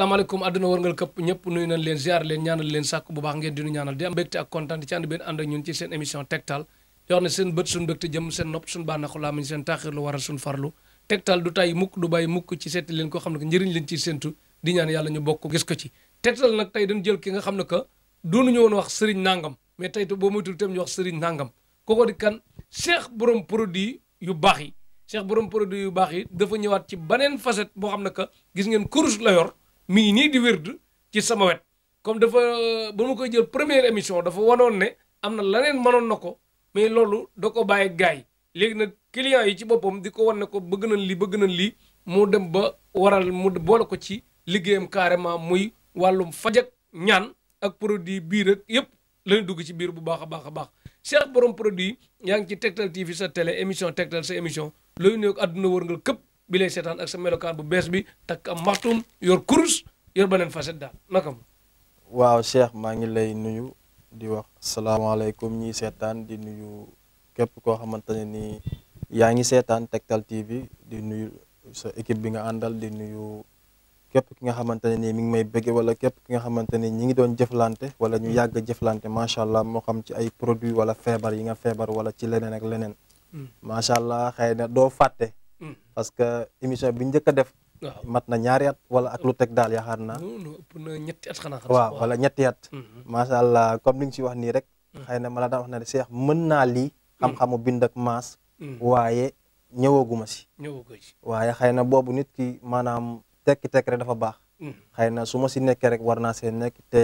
asalaamaaleykum àdduna wërngal këpp ñëpp nuyu nañ leen ziar leen ñaanal leen sàkk bu baax ngeen di nu ñaanal di am mbégte ak kontaan ci ànd benn ànd ak ñun ci seen émission tegtal yoo ne seen bët suñ mbégte jëm seen nopp suñ bànneexu laamañ seen taaxirlu waral suñ farlu tegtal du tay mukk du bàyyi mukk ci seeti leen koo xam ne que njëriñ leen ci séentu di ñaan yàlla ñu bokk gis ko ci tegtal nag tey dañ jël ki nga xam ne que doonuñu woon wax sëriñ nangam mais tey boo moytul tam ñu wax sëriñ kooko di kan cheikh borom produit yu baax yi cheikh borom produit yu baax yi dafa ñëwaat ci baneen facette boo xam ne que gis ngeen kurus la yor mi ngi nii di wérd ci sama wet comme dafa euh, ba ma koy jël première émission dafa wanoon ne am na leneen mënoon na ko mais loolu da ko bàyyi gaay léegi nag clients yi ci boppam di ko wan ne ko bëgg nañ lii bëgg nañ lii mu dem ba waral mu boole ko ci liggéeyam carrément muy wàllum faj ñaan ak produit bii rek yëpp lañu dugg ci biir bu baax a baax a baax Cheikh borom produit yaa ngi ci Tektal TV sa télé émission Tektal sa émission looy nuyoog àdduna wërngal képp bi lay seetaan ak sa melokaan bu bees bi takk am maxtum yor kurus yor beneen facette daal naka mu waaw Cheikh maa ngi lay nuyu di wax salaamaaleykum ñiy seetaan di nuyu képp koo xamante ne nii yaa ngi seetaan Tektal TV di nuyu sa bi nga àndal di nuyu képp ki nga xamante ne nii mi ngi may bëgge wala képp ki nga xamante ni ñi ngi doon jëflante wala ñu yàgg jëflante macha allah moo xam ci ay produits wala feebar yi nga feebar wala ci leneen ak leneen hmm. macha allah xëy na doo fàtte Hmm. parce que émission bi njëkk a def. waaw mat na ñaari at wala ak lu teg daal yaakaar na ñetti waaw wala ñetti at. Hmm, hmm. macha allah comme ni nga ci wax nii rek. xëy na ma la daan wax ne seex mën naa lii. xam-xamu bind ak maas. waaye ñëwaguma si. ñëwaguma si waaye xëy na boobu nit ki maanaam tekki tekki rek dafa baax. xëy na su ma si nekkee rek war naa see nekk te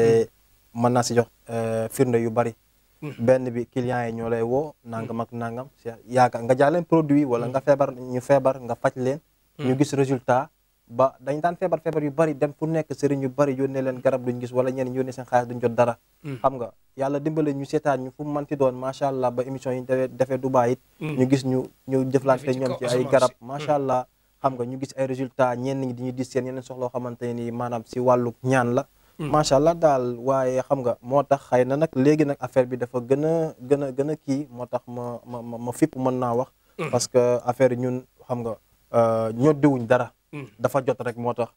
mën naa si jox euh, firnde yu bari. benn bi clients yi ñoo lay woo nangam ak nangam yaakaar nga jaay leen produit wala nga feebar ñu feebar nga faj leen ñu gis résultat ba dañ daan feebar feebar yu bari dem fu nekk sëriñ yu bari ne leen garab duñ gis wala ñenn yónnee seen xaalis duñ jot dara mm. xam nga yàlla dimbale ñu seetaan ñu fu mu manti doon macha allah ba émission yi defee defee Dubaay it mm. ñu gis ñu ñu jëflante ñoom ci ay garab macha mm. allah xam nga ñu gis ay résultat ñenn ñi di ñu dis seen yeneen soxloo xamante ni maanaam si wàllu ñaan la Mm. macha allah daal waaye xam nga moo tax xay na nag léegi nag affaire bi dafa gën a gën a gën a kii moo tax ma ma ma ma fipp mën naa wax. Mm. parce que affaire ñun xam nga euh, ñoddiwuñ dara. Mm. dafa jot rek moo tax.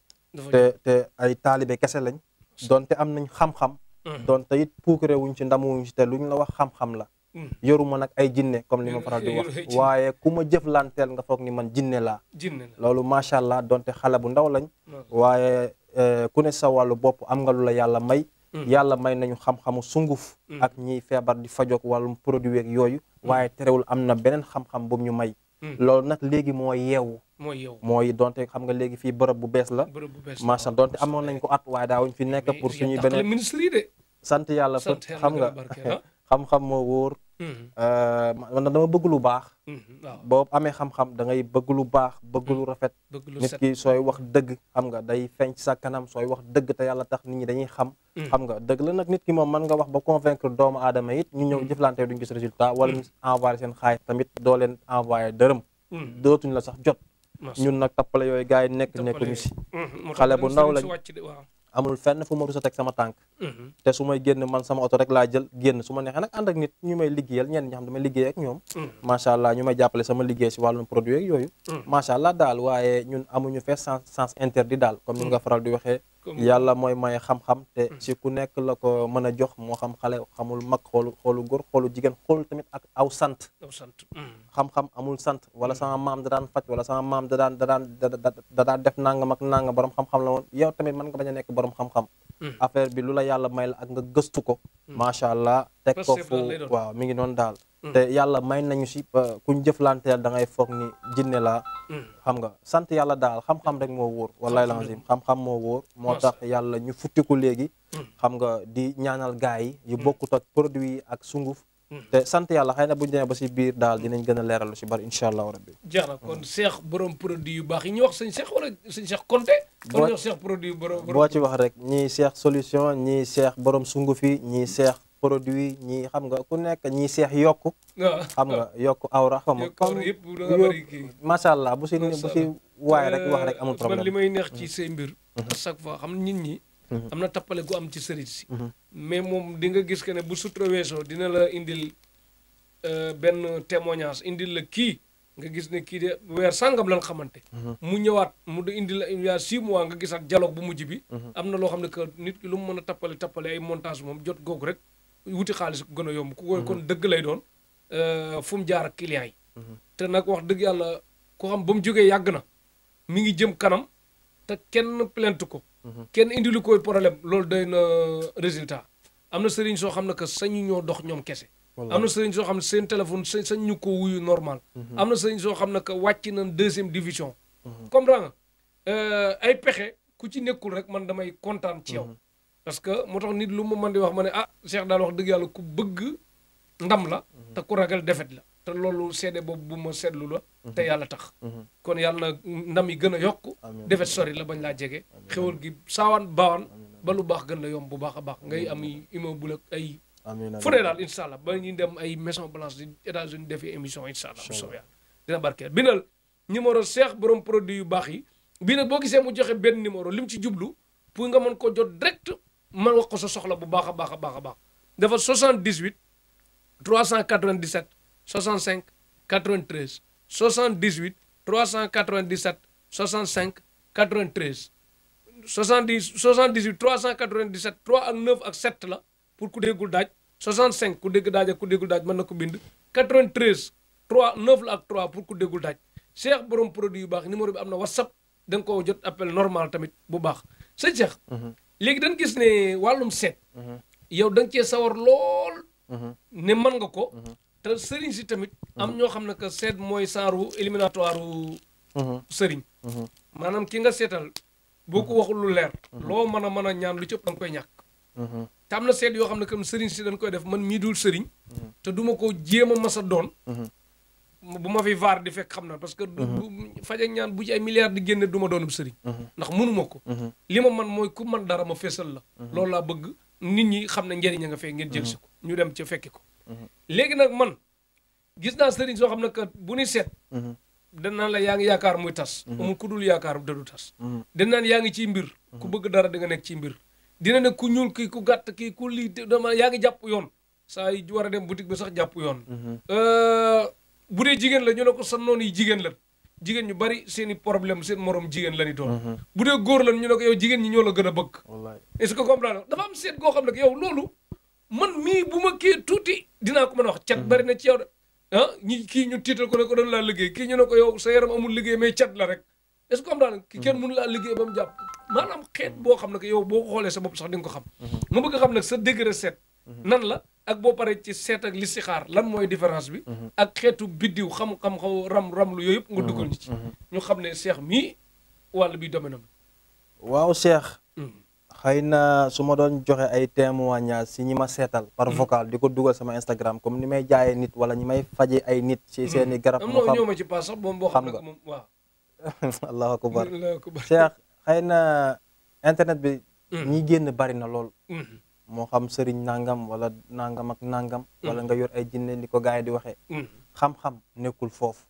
te te ay taalibe kese lañ. donte am nañ xam-xam. donte it puukare ci ndamu wuñ ci te luñ la wax xam-xam la. yoruma nag ay jinne comme li ma di wax waaye ku ma jëflanteel nga foog ni man jinne laa. jinne loolu macha allah donte xale bu ndaw lañ. waaye Euh, ku ne sa wàllu bopp am nga lu la yàlla may mm. yàlla may nañu xam-xamu sunguf mm. ak ñiy feebar di fajook wàllum produit ak yooyu mm. waaye terewul am na beneen xam-xam bu ñu may loolu nag léegi moo yeewu mooy donte xam nga léegi fii bërëb bu bees la macha donte amoon nañ ko at waaye daawuñ fi nekk pour suñuy beneen sant yàlla sant xam nga ah. xam-xam moo wóor Mhm. Euh, man dama bëgg lu baax. Mhm, boo amee xam-xam da ngay bëgg lu baax bëgg lu mhm. rafet. nit ki sooy wax dëgg xam nga day feeñ sa kanam sooy wax dëgg te yàlla tax nit ñi dañuy xam. xam nga dëgg la nag nit ki moom man nga wax ba convaincre doomu aadama it ñu ñëw jëflante duñ gis résultat wala ñu envoyé seen xaalis tamit doo leen envoyé dërëm. dootuñ la sax jot. ñun nag tappale yooyu gars yi nekk nekkuñu si. xale bu ndaw lañ amul fenn fu ma rus a teg sama tànk mhm. te su may génn man sama oto rek laa jël génn su ma neexee nag ànd ak nit ñu may liggéeyal ñenn ñi xam damay liggéey ak ñoom mhm. macha allah ñu may jàppale sama liggéey si wàllum produit ak yooyu mhm. macha allah daal waaye ñun amuñu fee sens sens interdit daal comme ni nga faral di waxee yàlla mooy may xam-xam te si hmm. ku nekk la ko mën a jox moo xam xale xamul mag xoolu xoolu góor xoolu jigéen xoolu tamit ak aw sant hmm. xam-xam amul sant wala hmm. sama maam da daan faj wala sama maam da daan da daan da daan def nangam ak nangam borom xam-xam la woon yow a nekk borom xam-xam affaire bi lu la yàlla may la ak nga gëstu ko macha allah teg ko waaw mi ngi noonu daal Mm. te yàlla may nañu si kuñ jëflanteel da ngay foog ni jinne laa mm. xam nga sant yàlla daal xam-xam rek moo wóor wallahi lazim xam-xam moo wóor moo tax yàlla ñu futtiku léegi mm. xam nga di ñaanal gaay yi yu bokkut ak produit yi ak sunguf te sant yàlla xëy na bu ñu demee ba si biir daal dinañ gën a leeralu si bari incha allahu rabbi jeex na kon borom produit yu baax yi ñu wax sëñ seex wala sëñ seex konte wala produit borom boo ci wax rek ñii seex solution ñii seex borom sunguf yi ñii seex produit ñi xam nga ku nekk ñi seex yokk xam nga yokk awra xam nga comme macha allah bu si bu si waaye rek wax rek amul euh, problème li may neex ci mm-hmm. say mbir à mm-hmm. chaque fois xam nit ñi mm-hmm. am na tappale gu am ci sëriñ si mais moom di nga gis que ne bu sutura weesoo dina la indil euh, benn témoignage indil la kii nga gis ne kii de weer sàngam lan xamante mu ñëwaat mu da indi la il y a six mois nga gisaat dialogue bu mujj bi am na loo xam ne que nit lu mu mën a tappale tappale ay montage moom jot googu rek wuti xaalis gën a yomb. ku mhm. kon dëgg lay doon euh, fu mu jaar ak yi. Mhm. te nag wax dëgg yàlla ku xam ba mu jógee yàgg na mi ngi jëm kanam te kenn plainte ko. Mhm. kenn indi lu koy problème loolu day na euh, résultat am na sëriñ soo xam ne que sañu ñoo dox ñoom kese. am na sëriñ soo xam ne seen téléphone sa sañ ñu ko normal. am na sëriñ soo xam ne que wàcc nañ deuxième division. comprends nga euh, ay pexe ku ci nekkul rek man damay kontaan ci yow. parce que moo tax nit lu ma mën di wax ma ne ah Cheikh daal wax dëgg yàlla ku bëgg ndam la mhm. te ku ragal defet la te loolu seede boobu bu ma seetlu la mhm. te yàlla tax mhm. kon yàlla na ndam yi gën a yokk defet sori la bañ laa jege xewal gi saawaan baawaan ba lu baax gën la yomb bu baax a baax ngay am immeuble ak ay fu ne daal insha allah ba ñuy dem ay maison blanche di États-Unis defee émission insha allah bu soobee yàlla dina barkeel bindal numéro Cheikh borom produit yu baax yi bii nag boo gisee mu joxe benn numéro li mu ci jublu pour nga mën ko jot direct man wax ko sa soxla bu baax a baax a baax a baax dafa 78 397 65 93 78 397 65 93 70 78 397 3 ak 9 ak 7 la pour ku déggul daaj 65 ku dégg daaj ak ku déggul daaj mën na ko bind 93 3 9 la ak 3 pour ku déggul daaj Cheikh borom produit yu baax numéro bi am na WhatsApp da nga koo jot appel normal tamit bu baax sëñ mhm. léegi dañ gis ne wàllum seet. yow da nga cee sawar lool. ne mën nga ko. te sëriñ si tamit. am ñoo xam ne que seet mooy saaru éliminatoire sëriñ. maanaam ki nga seetal boo ko waxul lu leer. loo mën a mën a ñaan lu cëpp da nga koy ñàkk. te am na seet yoo xam ne comme sëriñ si dañ koy def man mii dul sëriñ. te duma ko jéem a mas a doon. bu ma fi vaar di fekk xam na parce que. Mhm. faj ak ñaan bu ci ay milliards di génne du ma doonub sëriñ. Mhm. ndax mënu ko. Mhm. li ma man mooy ku man dara ma feesal la. loolu laa bëgg nit ñi xam ne njëriñ a nga fee ngeen jël si ko ñu dem ca fekki léegi nag man gis naa sëriñ soo xam ne que bu ni seet. danaan la yaa ngi yaakaar muy tas. amul ku dul yaakaar da du tas. danaan yaa ngi ciy mbir. ku bëgg dara di nga nekk ci mbir. dina ne ku ñuul kii ku gàtt kii ku lii dama yaa ngi jàpp yoon saa yi war a dem boutique bi sax jàpp yoon. Euh, bu dee jigéen la ñu ne ko sa noonu yi jigéen la jigéen ñu bari seen i problème seen morom jigéen la ni doon. Mm-hmm. bu dee góor la ñu ne ko yow jigéen ñi ñoo la gën a bëgg. est-ce que comprendre dafa am seet goo xam ne yow loolu man mii bu ma kii tuuti dinaa ko mën a wax. Mm-hmm. bari na ci yow de ah ñi kii ñu tiital ko ne ko doon laa liggéey kii ñu ne ko yow sa yaram amul liggéey mais cat la rek est-ce que comprendre ki kenn mm-hmm. mënu laa liggéey ba mu jàpp maanaam xeet boo xam ne yow boo xoolee sa bopp sax di nga ko xam. ma bëgg xam nag sa degré seet nan la ak boo paree ci seet ak listixaar lan mooy différence bi. Mhm. ak xeetu biddiw xam-xam xaw ram ram lu yooyu yëpp nga dugal mhm. ñu mhm. ñu xam ne seex mii wàll bi domaine waaw seex. xëy na su ma doon joxe ay témoignage si ñi ma seetal par vocal di ko dugal sama Instagram comme ni may jaayee nit wala ñu may faje ay nit. si seeni garab mu xam ma ci paas sax moom boo xam nga waaw. allahu akbar seex xëy na internet bi. ñi génn bari na lool. moo xam sëriñ nangam wala nangam ak nangam. wala mm. nga yor ay jinne ni ko gars yi di waxee. Mm. xam-xam nekkul foofu.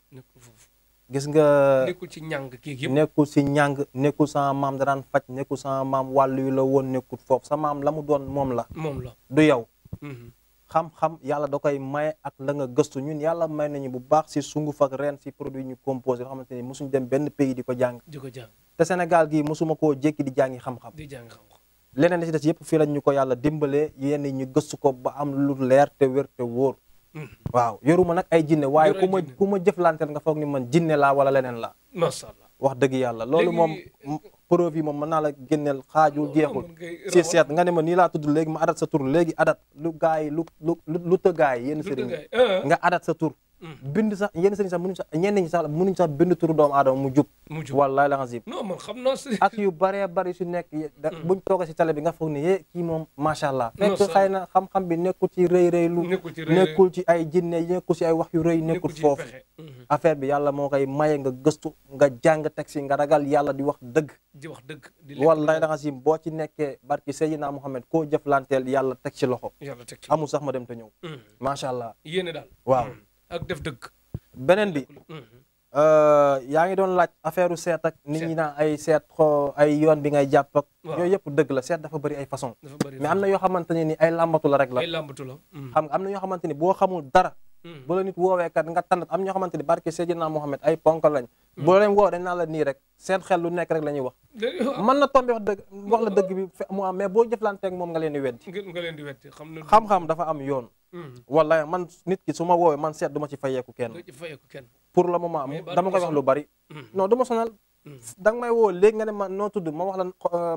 gis nga. nekkul ci ñàng kii yëpp nekkul ci ñàng nekkul sama maam da daan faj nekkul sama maam wàllu yu la woon nekkul foofu sa maam la mu doon moom la. moom la du yow. Mm-hmm. xam-xam yàlla da koy maye ak la nga gëstu ñun yàlla may nañu bu baax si sunguf ak ren si produit ñu composé yoo xamante ni mosuñ dem benn pays di ko jàng. di ko jàng te Sénégal gii mosuma koo jékki di jàngi jàng xam-xam. leneen da si des yëpp fii lañ ñu ko yàlla dimbalee yenn ñu gëstu ko ba am lu leer te wér te wóor hmm. waaw yoruma nag ay jinne waaye ku ma ku ma nga foog ni man jinne laa wala leneen laa masha wax dëgg yàlla loolu moom preuve yi moom mën naa la génneel xaajul jeexul si seet nga ne ma nii laa tudd léegi ma adat sa tur léegi adat lu gaay lu lu lu tëgaay yenn sëriñ euh. nga adat sa tur bind sax yenn sëriñ sax mënuñ sax ñenn ñi sax mënuñ sax bind turu doomu aadama mu jub. mu jub wallaahi la ak yu bëree bëri su nekk. Mm. buñ toogee si tale bi nga foog ne yee eh, kii moom macha allah. fekk xay na xam-xam bi nekkul ci rëy rëy lu. nekkul ci ay jinne nekkul si ay wax yu rëy nekkul foofu. Mm-hmm. affaire bi yàlla moo koy maye nga gëstu nga jàng taxi nga ragal yàlla di wax dëgg. di wax dëgg di lekk wallaahi boo ci nekkee barki Seydina Muhammad koo jëflanteel yàlla teg ci loxo. yàlla teg ci loxo amul sax ma dem te ñëw. Mm-hmm. ak def dëgg. beneen bi. Euh, yaa ngi doon laaj affaire seet ak. ni ñi naa ay seet xoo ay yoon bi ngay jàpp ak. yooyu yëpp dëgg la seet dafa bëri ay façon mais am na yoo xamante ne ni ay làmbatu la rek la. Hmm. xam am na yoo xamante ni boo xamul dara. Hmm. bu la nit woowee kat nga tànn am ñoo xamante ni barke Seydina Mohamed ay ponk lañ. Hmm. bu la leen woo naa la nii rek seen xel lu nekk rek la wax. mën na tombé wax dëgg wax la dëgg bi mu am mais boo jëflanteeg moom nga leen di weddi. nga leen di weddi xam-xam dafa am yoon. Hmm. wallaay man nit ki su ma woowee man seet du ma ci fayeeku kenn. pour le moment dama koy wax lu bari. non du ma sonal da nga may woo léegi nga ne ma noo tudd ma wax la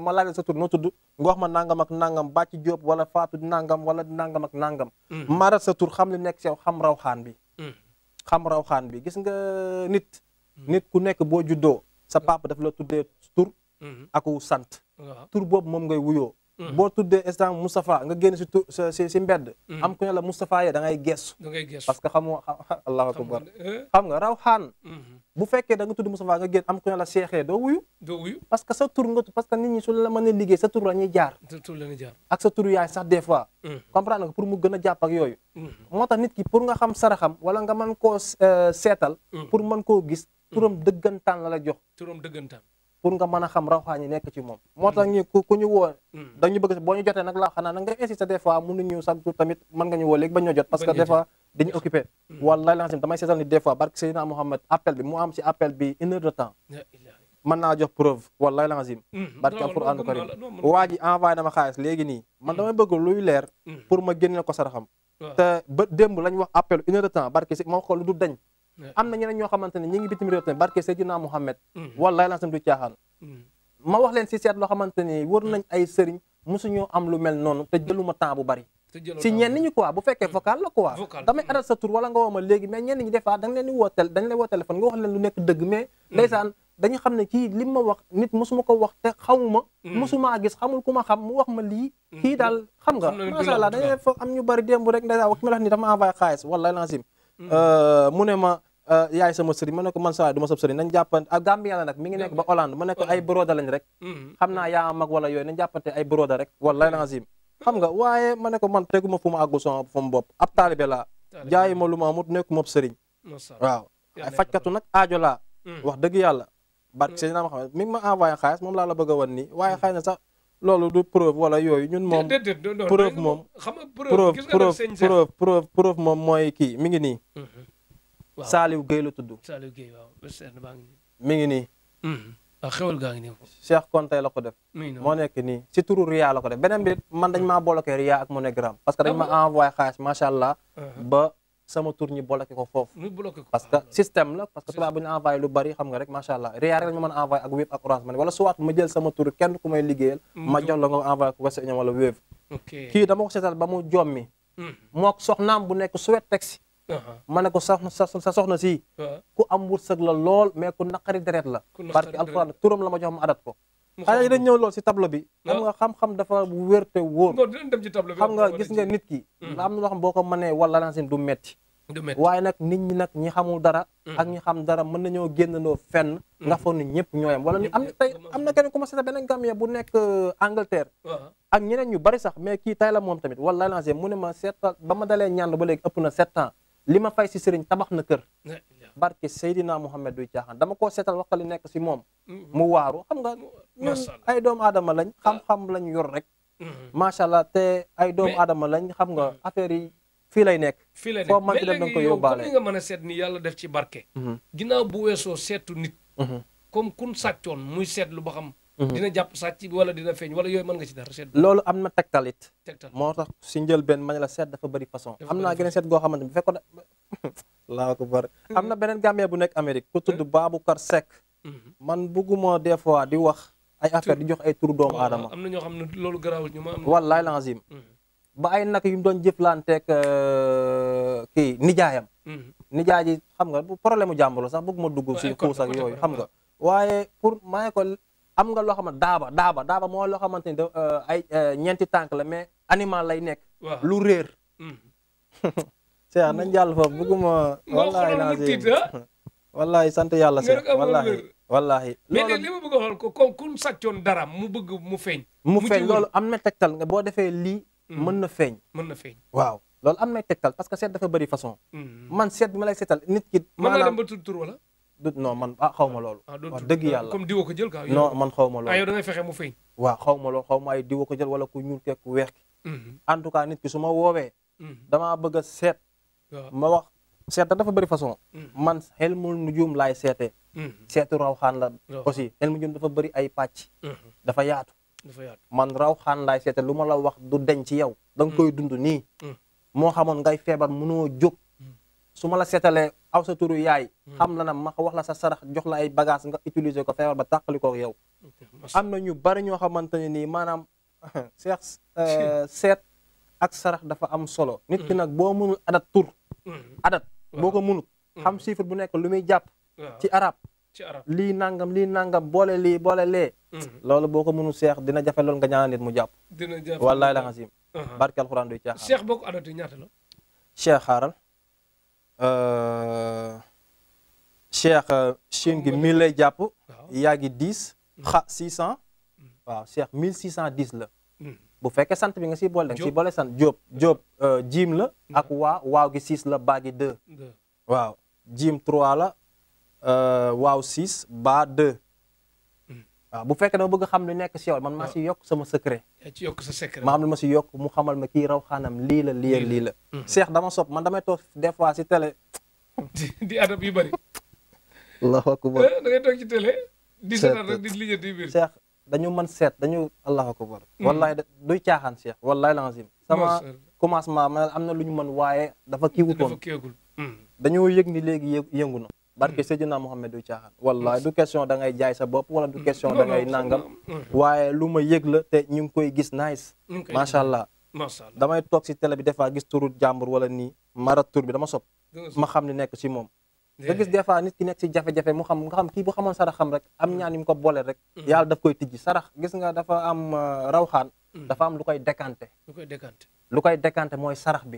ma laaj sa tur noo tudd nga wax ma nangam ak nangam bàcc Jóob wala Faatu nangam wala nangam ak nangam. Mm. maral sa tur xam li nekk si yow xam raw xaan bi. Mm. xam raw xaan bi gis nga nit. Mm. nit ku nekk boo juddoo sa papa daf la tuddee tur. ak wu sant. tur boobu moom ngay wuyoo. boo tuddee instant Moustapha nga génn si tu si si mbedd. am ku ne la Moustapha yee da ngay geesu. da ngay parce que xam allahu akbar eh? xam nga raw xaan. Mm-hmm. bu fekkee danga nga tudd Moustapha nga génn am ku ne la seexee doo wuyu. parce que sa tur nga parce que nit ñi su la mën a liggéey sa tur la jaar. sa tur la jaar ak sa tur yaay sax des fois. Mm. comprendre nga pour mu gën a jàpp ak yooyu. Mm. moo tax nit ki pour nga xam saraxam wala nga man koo euh, seetal. Mm. pour mën koo gis. turam dëggantaan la la jox. turam dëggantaan. pour nga mën a xam rawxaan yi nekk ci moom moo tax ñu ku ku woo mm. dañu bëgg boo ñu jotee nag laa xanaa nag nga insisté des fois mënu ñu chaque jour tamit mën nga ñu woo léegi ba ñoo jot parce que des dañu occupé mm. wallahi lancim damay seetal ni des fois barke Seydina appel bi mu am ci appel bi une heure de temps mën naa jox preuve wallahi lancim mm. barke alquranu karim waa ji envoyé dama léegi nii man damay bëgg luy leer pour ma génne am na ñeneen ñoo xamante ne ñi ngi bitim réew tamit barke Seydina Muhammad mm-hmm. wallaay lansam du caaxaan mm-hmm. ma wax leen si seet loo xamante ne war nañ ay sëriñ mosuñoo am lu mel noonu te jëluma temps bu bari si ñenn ñi quoi bu fekkee mm-hmm. vocal la quoi damay aral sa tur wala nga woo ma léegi mais ñenn ñi des fois da nga leen di woo tel nga wax leen lu nekk dëgg mais ndeysaan dañu xam ne kii li ma wax nit mosuma ko wax te xamuma mosumaa gis xamul ku ma xam mu wax ma lii kii daal xam nga macha allah ñu bari démb rek ndeysaan wax ma la wax ni dama xaalis wallaay lancim Euh, mu ne ma euh, yaay sama sëriñ ma ne ko man saa du ma sab sëriñ nañ jàppante ak Gambien la nag mi ngi nekk ba Hollande ma ne ko ay broda lañ rek mm-hmm. Mm-hmm. xam naa yaa am mag wala yooyu nañ jàppante ay broda rek wala lazim xam nga waaye ma ne ko man teguma fu ma àggul sama fu mu bopp ab taalibe laa jaayi lu ma amut nekku mob sëriñ waaw fajkatu nag aajo laa mm. wax dëgg yàlla barke sëñ naa ma xam mi ma envoyé xaalis moom laa la bëgg a wan nii waaye mm. xëy loolu du preuve wala yooyu ñun moom preuve moom preuve preuve preuve preuve moom mooy kii mi ngi nii mhm. Saliou Gueye la tudd Saliou Gueye waaw mi ngi nii mhm. xewal gaa ngi nii Cheikh Konté la ko def moo nekk nii si turu Ria la beneen bi man dañ mhm. maa bloqué Ria ak MoneyGram parce que dañ ah, ma envoyé xaalis macha allah uh-huh. ba sama tour ñu bloqué ko foofu. ñu bloqué ko parce que ah, système la parce que tubaab bu ñu envoyé lu bari xam nga rek macha allah Ria rek ñu mën a envoyé ak Wave ak Orange Money wala soit ma jël sama tour kenn ku may liggéeyal. ma jox la nga ko Western hmm. Union bu nekk Suède taxi. ma ne ko sa soxna si. Ah. ku am wërsëg la lool mais ku naqari deret la. parce que alxuraan turam la ma jox ma adat ko. xale yi dañ ñëw lool si ah. tableau bi xam nga xam-xam dafa wérte wóor xam nga gis nga nit ki la hmm. am na loo xam boo ko mënee wala lansin du metti waaye nag nit ñi nag ñi xamul dara hmm. ak ñi xam dara mën nañoo génnandoo fenn hmm. nga foog ni ñëpp ñoo yem wala ni am na tey am na kenn commencé na beneen Gambien bu nekk euh, Angleterre uh-huh. ak ñeneen ñu bari sax mais kii tay la moom tamit wala lansin mu ne ma seet ba ma dalee ñaan ba léegi ëpp na sept ans li ma fay si sëriñ tabax na kër barke Seydina Muhammad duy caaxaan dama koo seetal wax li nekk si moom mm-hmm. mu waaru xam nga ñun ay doomu aadama lañ ah. xam-xam lañ yor rek mm-hmm. macha allah te ay doomu aadama lañ xam nga mm-hmm. affaire yi fii lay nekk fii lay nekk foo mënti dem danga ko yóbbaale nga mën a seet ni yàlla def ci barke ginnaaw bu weesoo seetu nit comme kun sàccoon muy seetlu ba xam Mhm. dina jàpp sàcc bi wala dina feeñ wala yooyu mën nga ci dara seet. loolu am na tegtalit. tegtal moo tax si njëlbeen ma ne seet dafa bëri façon. am naa gën a seet goo bu fekkoon mhm. am na beneen gàmmee bu nekk Amérique ku tudd eh? Babacar Seck. Mhm. man bugguma des fois di wax. ay affaire di jox ay turu doomu aadama. am na ñoo xam ne loolu garaawul ñu ma am. wallaay lazim ba ay nag yu mu doon jëflanteeg euh, kii nijaayam. nijaay ji xam nga problème mu jàmbur sax bëgg ma dugg si xuus ak yooyu xam nga. waaye pour maa ko am nga loo xamante daaba daaba daaba moo loo xamante ni euh, ay euh, ñeenti tànk la mais animal lay nekk. lu réer. Cheikh hmm. nañ jàll foofu bëgguma. wallahi naa si wallahi sant yàlla Cheikh wallahi wallahi loolu li ma bëgg ko kon kun sàccoon mu bëgg mu feeñ. mu feeñ loolu am na tegtal nga boo defee lii. Hmm. mën na feeñ. mën na feeñ waaw loolu am na tegtal parce que seet dafa bëri façon. Hmm. man seet bi ma lay seetal nit ki. maanaam mën naa dem ba tudd non man ah ma loolu. Ah, wax dëgg yàlla comme diwa ko jël quoi. man xaw loolu. ah yow da ngay fexe ma loolu xaw ma ay diwa ko jël wala ku ñuul kekk ku weex. Mhm. en tout cas nit ki su ma woowee. Mhm. damaa bëgg a seet. ma wax seet dafa bëri façon. Mhm. man xel mu nujum laay seetee. seetu raw xaan la. aussi xel mu nujum dafa bëri ay pàcc. dafa yaatu. dafa yaatu man raw xaan lu ma la wax du denc ci yow. da nga koy dund nii. moo xamoon ngay feebar mënoo jóg su ma la seetalee aw sa turu yaay. Hmm. xam la na ma wax la sa sarax jox la ay bagage nga utiliser ko feebar ba tàqali ko yow. am na ñu bari ñoo xamante ne nii maanaam seex euh, seet ak sarax dafa am solo. nit ki hmm. nag boo mënul adat tur. Hmm. adat boo ko mënul. xam chiffre bu nekk lu muy jàpp. ci arab lii nangam lii nangam boole lii boole lee. loolu boo ko mënul seex dina jafe loolu nga ñaanal nit mu jàpp. dina jàpp wallaahi la xasim. Uh-huh. barke alxuraan du caaxaan. seex boo ko adatee ñaata la. seex xaaral. Euh, cheikh euh, Chine gi mille lay jàpp. yaa ngi dix. Mm. six cent. Mm. waaw cheikh mille six cent dix la. Mm. bu fekkee sant bi nga siy boole. nga siy boole sant Diop Diop euh, jiim la. ak waa waaw gi six la baa gi deux. waaw jiim trois la waaw six baa deux. waaw bu fekkee dama bëgg xam lu nekk si yow man maa si yokk sama secret. ci ma am lu mu xamal ma kii raw xaanam lii la lii la. Mhm. seex dama sopp man damay toog des fois si télé. di adab yu bëri. allahu akbar eh, da ngay toog ci di seetaan rek di lijjanti biir seex dañu mën seet dañu allahu akbar. Mhm. wallahi duy caaxaan seex wallahi lazim sama commencement am na lu ñu man waaye dafa kii wutoon mhm. dañoo yëg ni léegi yëngu na. barke Seydina Mohamed du caaxaan wallaay du question da ngay jaay sa bopp wala du mm. question da ngay nàngam mm. waaye lu ma yëg la te ñu ngi koy gis nice macha allah damay toog si télé bi des fois gis turu jàmbur wala nii mara tur bi dama sob ma xam ni nekk si moom nga gis des fois nit ki nekk si jafe-jafe mu xam nga xam kii bu xamoon xam rek am mm. ñaan yi mu ko boole rek yàlla daf koy tijji sarax gis nga dafa am raw uh, rawxaan dafa am lu koy décanté lu koy décanté mooy sarax bi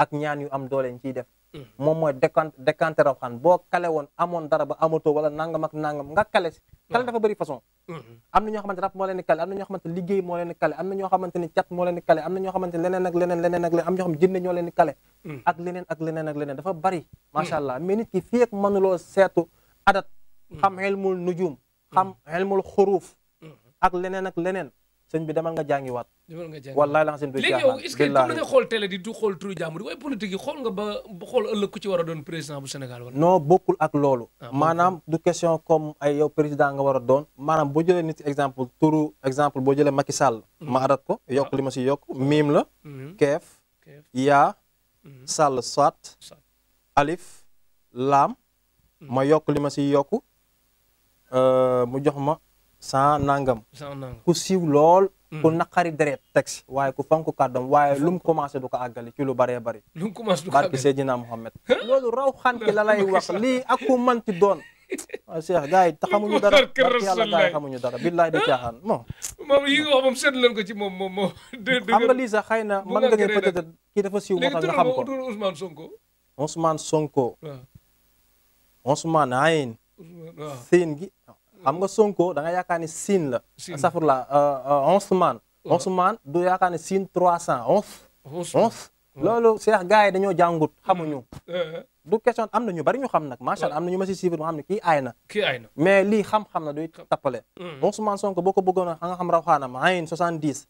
ak ñaan yu am doole ñu ciy def. Mm. moom mooy décan décanté raw boo kale woon amoon dara ba amatoo wala nangam ak nangam nga kale mm. kale dafa bëri façon. Mm-hmm. am na ñoo xamante rab moo leen di kale am na ñoo xamante liggéey moo leen ni cat moo kale am na ñoo xamante leneen leneen ak leneen leneen ak leneen mm. dafa bëri. macha allah mais nit ki fii ak seetu adat. xam xelmul nujum. xam xelmul xuruuf. Mm-hmm. ak leneen ak leneen. sëñ bi demal nga jàngiwaat. demal nga jàngiwaat wallaahi la nga seen du léegi xool télé di du xool turu jàmbur waaye politique yi xool nga ba xool ëllëg ku ci war a doon président bu Sénégal wala. non bokkul ak loolu. Ah, maanaam du question comme ay yow président nga war a doon. maanaam boo jëlee nit exemple turu exemple boo jëlee Macky Sall. Hmm. ma adat ko ah. yokk li ma si yokk miim la. Hmm. keef yaa. Hmm. Sall soit. alif laam. ma yokk li ma si yokk euh, mu jox ma. sans nangam. sans nangam ku siiw lool. ku mm. naqari deret teg si. waaye ku fonk kàddoom waaye lu mu commencé du ko àggali ci lu bëree bari lu mu commencé du ko àggali barki Seydina Mohamed. loolu raw xaan ki la wax lii ak ku manti doon. waaw Cheikh gars yi xamuñu dara barki yàlla gars yi xamuñu dara billaay di caaxaan moom. moom yi nga wax moom seetlu leen ko ci moom moom moom. xam nga lii sax xëy na mën nga ne peut-être kii dafa siiw moo tax nga xam ko léegi turam Ousmane Sonko. Ousmane Sonko. waaw Ousmane Ayin. waaw Seen gi xam nga Sonko da yaakaar ni Sine la. Sine safurla euh, euh, Ousmane. Ousmane du yaakaar ni Sine trois cent onze. onze loolu Cheikh yi dañoo jàngut xamuñu. du question am na ñu bari ñu xam nag. macha allah ma si suivre ma xam ne kii aay na. mais lii xam-xam na duy tappale. Mm. Ousmane Sonko boo ko bëggoon a xam rawaxaanam ayin soixante dix.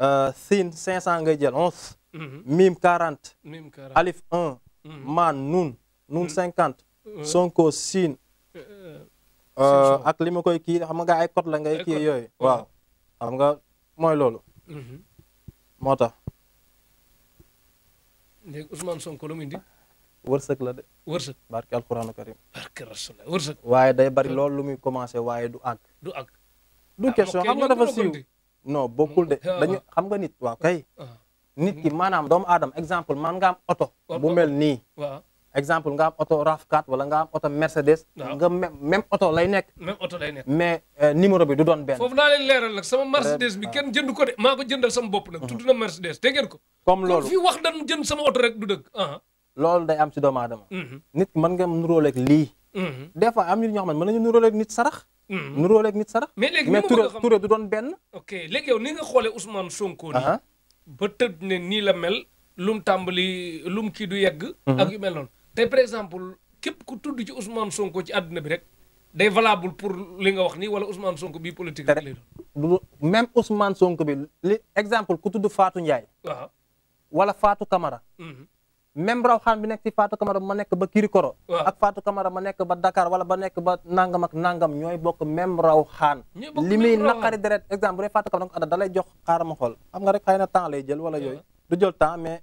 Euh, Sine cinq cent ngay jël onze. Mm-hmm. Mim quarante. Mm-hmm. Man nun nun mm-hmm. cinquante. Sonko Sine. Euh, ak li ma koy kii xam nga ay code la ngay kii yooyu waaw mm-hmm. xam nga mooy loolu mm-hmm. moo tax léegi Ousmane Sonko lu muy indi la de wërsëg barke alquranu karim barke waaye day bari lool lu muy commencé waaye du àgg du àgg du ah, question xam nga dafa siiw bokkul de ah. dañu xam nga nit waaw kay ah. nit ki mm-hmm. maanaam doom aadama exemple man nga oto bu mel nii exemple nga am oto RAV4 wala nga am oto Mercedes. nga même oto lay nekk. même oto lay nekk mais euh, numéro bi du doon benn. foofu naa leen leeral nag sama Mercedes bi kenn jënd ko de maa ko jëndal sama bopp nag. Mhm. tudd na Mercedes dégg ngeen ko. comme loolu fi wax dañu jënd sama oto rek du dëgg. loolu day am ci doomu aadama. Mhm. nit mën nga nuróoleeg lii. Mhm. des fois am nit ñoo xam ne mën nañu nuróoleeg nit sarax. nuróoleeg nit sarax. mais léegi mais Touré Touré du doon benn. ok léegi yow ni nga xoolee Ousmane Sonko. ba tëdd ne nii la mel. lum tàmbali lum kii du yegg. ak yu mel noonu te par exemple képp ku tudd ci Ousmane Sonko ci àdduna bi rek day valable pour li nga wax nii wala Ousmane Sonko bi politique rek lay doon Sonko bi li exemple ku tudd faatu Ndiaye. waaw faatu kamara Camara. Mhm. raw xaan bi nekk ci Fatou Camara ma nekk ba Kirikoro. waaw Camara ma nekk ba Dakar wala ba nekk ba nangam ak nangam ñooy bokk même rawxaan. li muy naqari deret exemple bu dee Fatou Camara da jox xaaral ma xool xam nga rek xëy na temps lay jël wala yooyu. du jël temps mais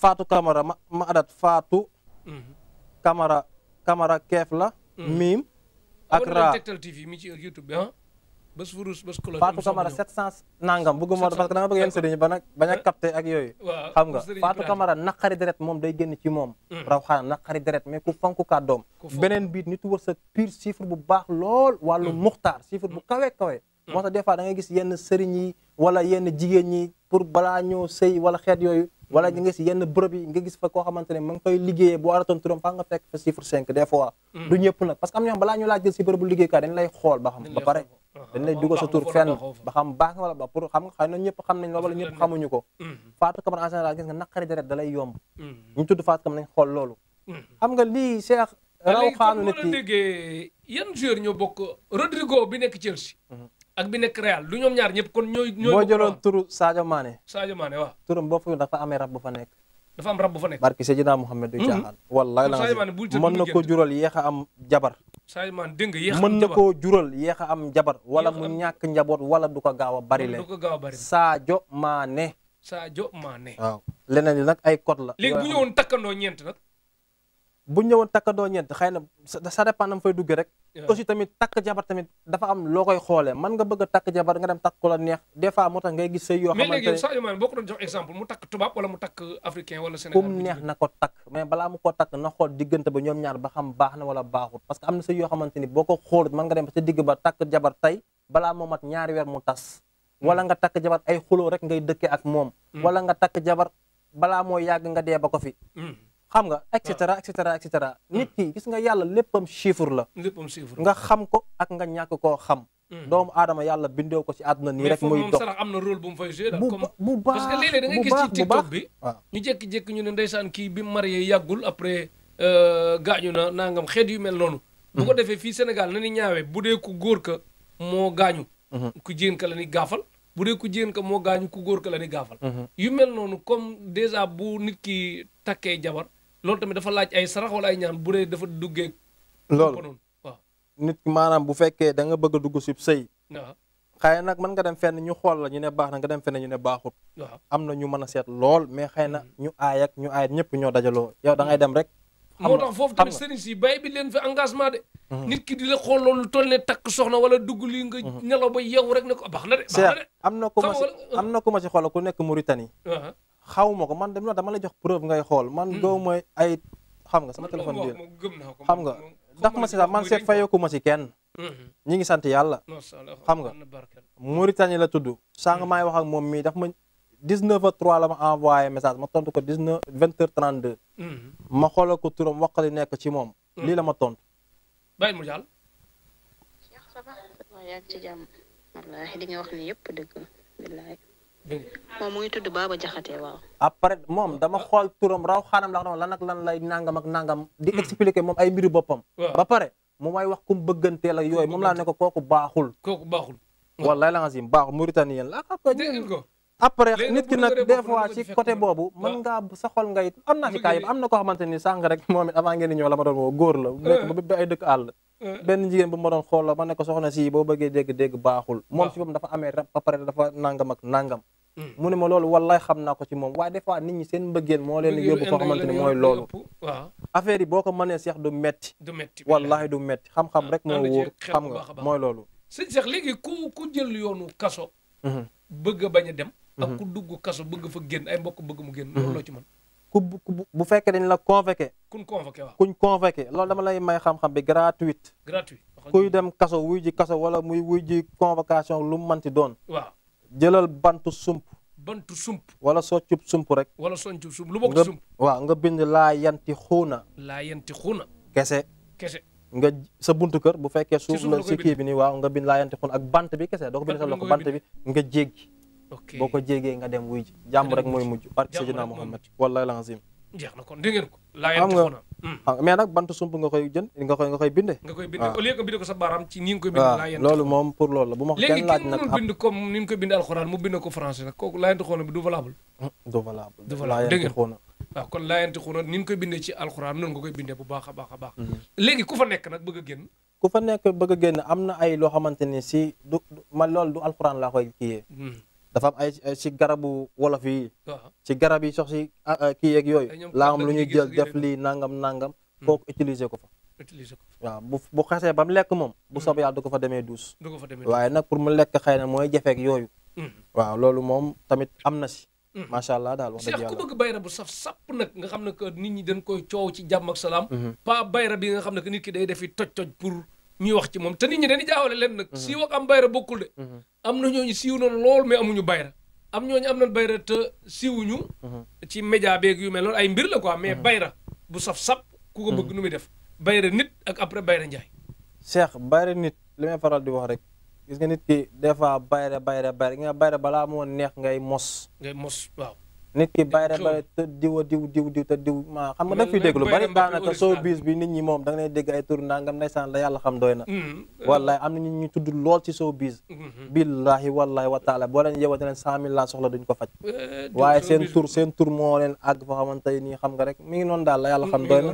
Fatou Camara ma ma adat Fatou. Mm-hmm. Camara Camara keef la. Mm-hmm. miim ak raa Tektal TV mi ci YouTube bi ah. bés furus bés cloche Fatou nangam bëgguma parce que da nga bëgg yéen sëriñ ba nag bañ a eh? capté ak yooyu. xam nga Fatou Camara naqari deret moom day génn ci moom. Mm. raw xaana naqari deret mais ku fonk kàddoom. beneen biit nit wër sa pire chiffre bu baax lool wàllu mm. muxtaar chiffre bu mm. kawe kawe. moo tax des fois da ngay gis yenn sëriñ yi wala yenn jigéen ñi pour balaa ñoo sëy wala xeet yooyu. wala ñu ngi si yenn bërëb yi nga gis fa koo xamante ne ma ngi bu war turam faa nga fekk fa chiffre 5 des fois mm. du ñëpp nag parce am ñoo xam balaa ba xam ba pare xam nga wala xam nga xëy na xam mm. Mm. nga naqari deret da lay yomb ñu tudd Fatou Camara nañ xool loolu xam nga lii Cheikh raw xaanu nit yi ak bi nekk Real du ñoom ñaar ñëpp kon ñooy. ñooy boo jëloon turu Sadio Mané. Sadio Mané waaw. turam boo fa dafa amee rab bu fa nekk. dafa rab bu fa nekk. barki Seydina Mohamed du mhm. caaxaan. wallaay la mën na ko jural yéex a am jabar. Sadio Mané dégg nga yéex am jabar mën na koo jural yéex a am jabar. wala mu ñàkk njaboot wala du ko gaaw a bari leen. du ko gaaw a bari Sadio Mané. Sadio Mané. waaw leneen li nag ay code la. léegi bu nag bu ñëwoon takkandoo ñeent xëy na ça dépend na mu fay dugg rek. aussi tamit takk jabar tamit dafa am loo koy xoole man nga bëgg a takk jabar nga dem takk ko la neex des fois moo tax ngay gis sëy yoo. xamante ne mais léegi Sadio Mané ko doon jox ko takk mais balaa mu ko takk na xool diggante ba ñoom ñaar ba xam baax na wala baaxut parce jabar tey balaa moo mat ñaari weer mu tas. Mm. wala nga takk jabar ay xuloo rek ngay dëkkee ak moom. Mm. wala nga takk jabar balaa moo yàgg nga dee ba ko fi mm. xam nga et cetera et cetera cetera hmm. nit ki gis nga yàlla léppam chiffre la léppam chiffre nga xam ko ak nga ñàkk koo xam hmm. doomu aadama yàlla bindoo ko si àdduna nii rek muy dox am na rôle bu mu fay jouer daal comme bu baax parce que léeg-léeg da ngay gis ci bi ñu jékki-jékki ñu ne ndey saan kii bi mu marié yàggul après euh, gaañu na nangam xeet yu mel noonu bu ko hmm. defee fii Sénégal na ni ñaawee bu dee ku góor ka moo gaañu ku jigéen ka la ni gaafal bu dee ku jigéen ka moo gaañu ku góor ka la ni gaafal yu mel noonu comme déjà bu nit ki takkee jabar loolu tamit dafa laaj ay sarax wala ay ñaan bu dee dafa duggee. loolu waaw nit maanaam bu fekkee da nga bëgg a dugg si sëy. waaw nag mën nga dem fenn ñu xool la ñu ne baax na nga dem fenn ñu ne baaxut. am na ñu mën a seet lool mais xëy na hmm. ñu aay ñu aay ñëpp ñoo dajaloo yow da dem rek. moo tax foofu tamit sëriñ si bàyyi bi leen fi engagement de. Hmm. nit ki di loolu toll ne takk soxna wala dugg lii nga. nelaw hmm. ba yeewu rek ne ko ah, baax na de. am na ku ma si am na ku ma si xool ku nekk Mauritanie. xaw ma ko man dem dama la jox preuve ngay xool man hmm. gaw ma ay xam nga sama téléphone bi xam nga ndax ma si sax man seet fayeeku ma si kenn hmm. ñi ngi sant yàlla xam nga Mauritanie la tudd sànq hmm. maay wax ak moom mii daf ma 19 heures 3 la ma envoyé message ma tontu ko 19 20 heures 32 ma xoolal ko turam wax li nekk ci moom lii la ma tontu bàyyi ci jàmm wallaahi li nga wax ni yëpp dëgg la moom mu ngi tudd Baba Jaxate waaw. après moom dama xool turam raw xaanam la lan ak lan lay nangam ak nangam. di hmm. expliquer moom ay mbiru boppam. ba pare mu may wax ku mu la yooyu moom laa ne ko kooku baaxul. kooku baaxul. wallaay la nga si baaxul Mauritanien la. après nit ki nag des fois ci côté boobu mën ngaa sa xol ngay am naa ci am na koo xamante ni sax nga rek moom ngeen di ñëw ma doon woo góor la. nekk ba àll. Eh. benn jigéen bu ma doon xool la ne ko soxna si boo bëggee dégg-dégg baaxul. moom ah. si boppam dafa amee rab ba pare dafa nangam ak nangam. mu ne ma loolu wallaay xam naa ko ci moom waaye des fois nit ñi seen mbëggeel moo leen yóbbu foo xamante ni mooy loolu affaire boo ko mënee seex du metti wallaay du metti xam-xam ah, rek moo wóor xam nga mooy loolu sëñ Seex léegi ku ku jël yoonu kaso mhm. bëgg bañ a dem mhm. ak ku dugg kaso bëgg fa génn ay mbokk bëgg mu génn loolu mhm. loo ci mën ku bu fekkee dañ la convoqué kuñ convoqué waaw kuñ convoqué loolu dama lay may xam-xam bi gratuite gratuite kuy dem kaso wuy ji kaso wala muy wuy ji convocation lu mu manti doon jëlal bant sump. bantu sump. wala soccub sump rek. wala soccub sump lu bokk sump. waaw nga bind laa yanti xuuna. laa yanti xuuna. kese. kese nga sa buntu kër bu fekkee suuf la si kii bi nii waaw nga bind laa yanti xuuna ak bant bi kese doo ko bind sa ko bant bi nga jéggi. ok boo ko jéegee nga dem wuy ji jàmm rek mooy mujj. jàmm rek mooy mujj barke Seydina Muhammad wallahi lazim jeex na kon dégg ko. laa yanti xuuna Hmm. Ah, mais nag bant sump nga koy jën nga koy nga koy binde nga koy binde ah. au lieu nga binde ko sa baaraam ci ni nga koy binde ah, laa yent loolu moom pour loolu la bu ma kenn laaj nag léegi kenn bind comme ni nga koy binde alxuraan mu bind ko français nag kooku laa yent xoona bi hmm, du valable du valable du valable dégg nga waaw kon laa yent xoona ni nga koy bindee ci alxuraan noonu nga koy bindee bu baax a baax a baax hmm. léegi ku fa nekk nag bëgg a génn ku fa nekk bëgg a génn am na ay loo xamante ni si du ma loolu du alxuraan laa koy kiyee dafa am ay si garabu wolof yi si uh-huh. garab yi sox si ah, ah, kii yeeg yooyu laa am lu ñu jël def lii nangam nangam hmm. kooku utiliser ko fa waaw bu bu xasee ba mu lekk moom bu hmm. sob yàlla du ko fa demee duus waaye nag pour mu lekk xëy na mooy jafeek yooyu hmm. waaw loolu moom tamit am na si macha allah daal wax dëgg yàlla ku bëgg bayra bu saf sàpp nag nga xam ne que nit ñi dañ koy coow ci jàmm ak salaam pas bayra bi nga xam ne que nit ki day defi toj toj pour ñuy wax ci moom te nit ñi dañuy jaawale leen nag mhm. siiw am bayra bokkul de mhm. am na ñooñu siiw na lool mais amuñu bayra am ñooñu am na bayra te siiwuñu mhm. ci média beeg yu mel noonu ay mbir la ko quoi mais bayra bu saf-sap ku ko bëgg nu muy def bayra nit ak après bayra njaay cheikh bayra nit li may faral di wax rek gis nga nit ki des fois bayra bayra bayra nga bayra balaa moo neex ngay mos ngay mos waaw nit ki bayre bayre te diw a diw diw diw te diw maa xam nga da fi dégg lu bari daanaka soo bis bi nit ñi moom da ngay dégg ay tur nangam ndeysaan la yàlla xam doy na hmm. wallaay am na ñu tudd lool ci soo bis hmm, hmm, billaahi wallahi wa taala boo leen yewate leen cent mille laa soxla ko faj eh, waaye seen tur seen tur moo leen àgg fa xamante nii xam nga rek mi ngi noonu daal la yàlla xam doy na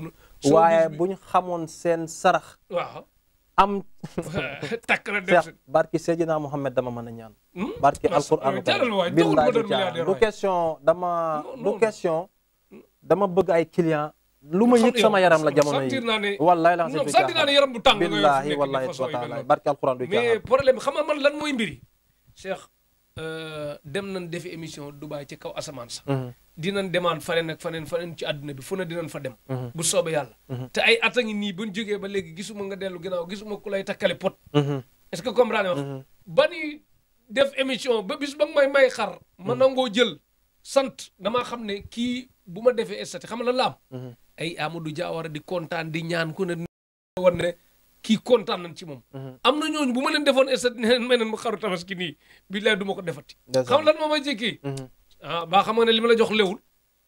waaye buñ xamoon seen sarax waaw am. takk la def barki Seydina Mohamed dama mën a ñaan. barki alquran billahi jaral du question dama. question dama bëgg ay client lu ma yëg sama yaram la jamono yi wallahi la non sant naa ne yaram bu tàng billahi wallahi wa taala barki alquran du mais problème xam man lan mooy mbiri Cheikh euh, dem nañ defi émission Dubaay ci kaw asamaan sa mm-hmm. dinañ demaat faneen ak faneen faneen ci àdduna bi fu ne dinañ fa dem. Mhm. bu soobee yàlla. Mhm. te ay at a ngi nii bu ñu ba léegi gisuma nga dellu ginnaaw gisuma ku takkale pot. Mhm. est-ce que comprendre wax ba ni def émission ba bis ba nga may may xar. ma nangoo jël sant damaa xam ne kii bu ma defee estati xam la la am. ay Amadou Diawara di kontaan di ñaan ku ne woon ne kii kontaan nañ ci moom. am na ñooñu bu ma leen defoon estati nee nañ ma xaru tabaski nii billaay du ah baa xam nga ne li ma la jox lewul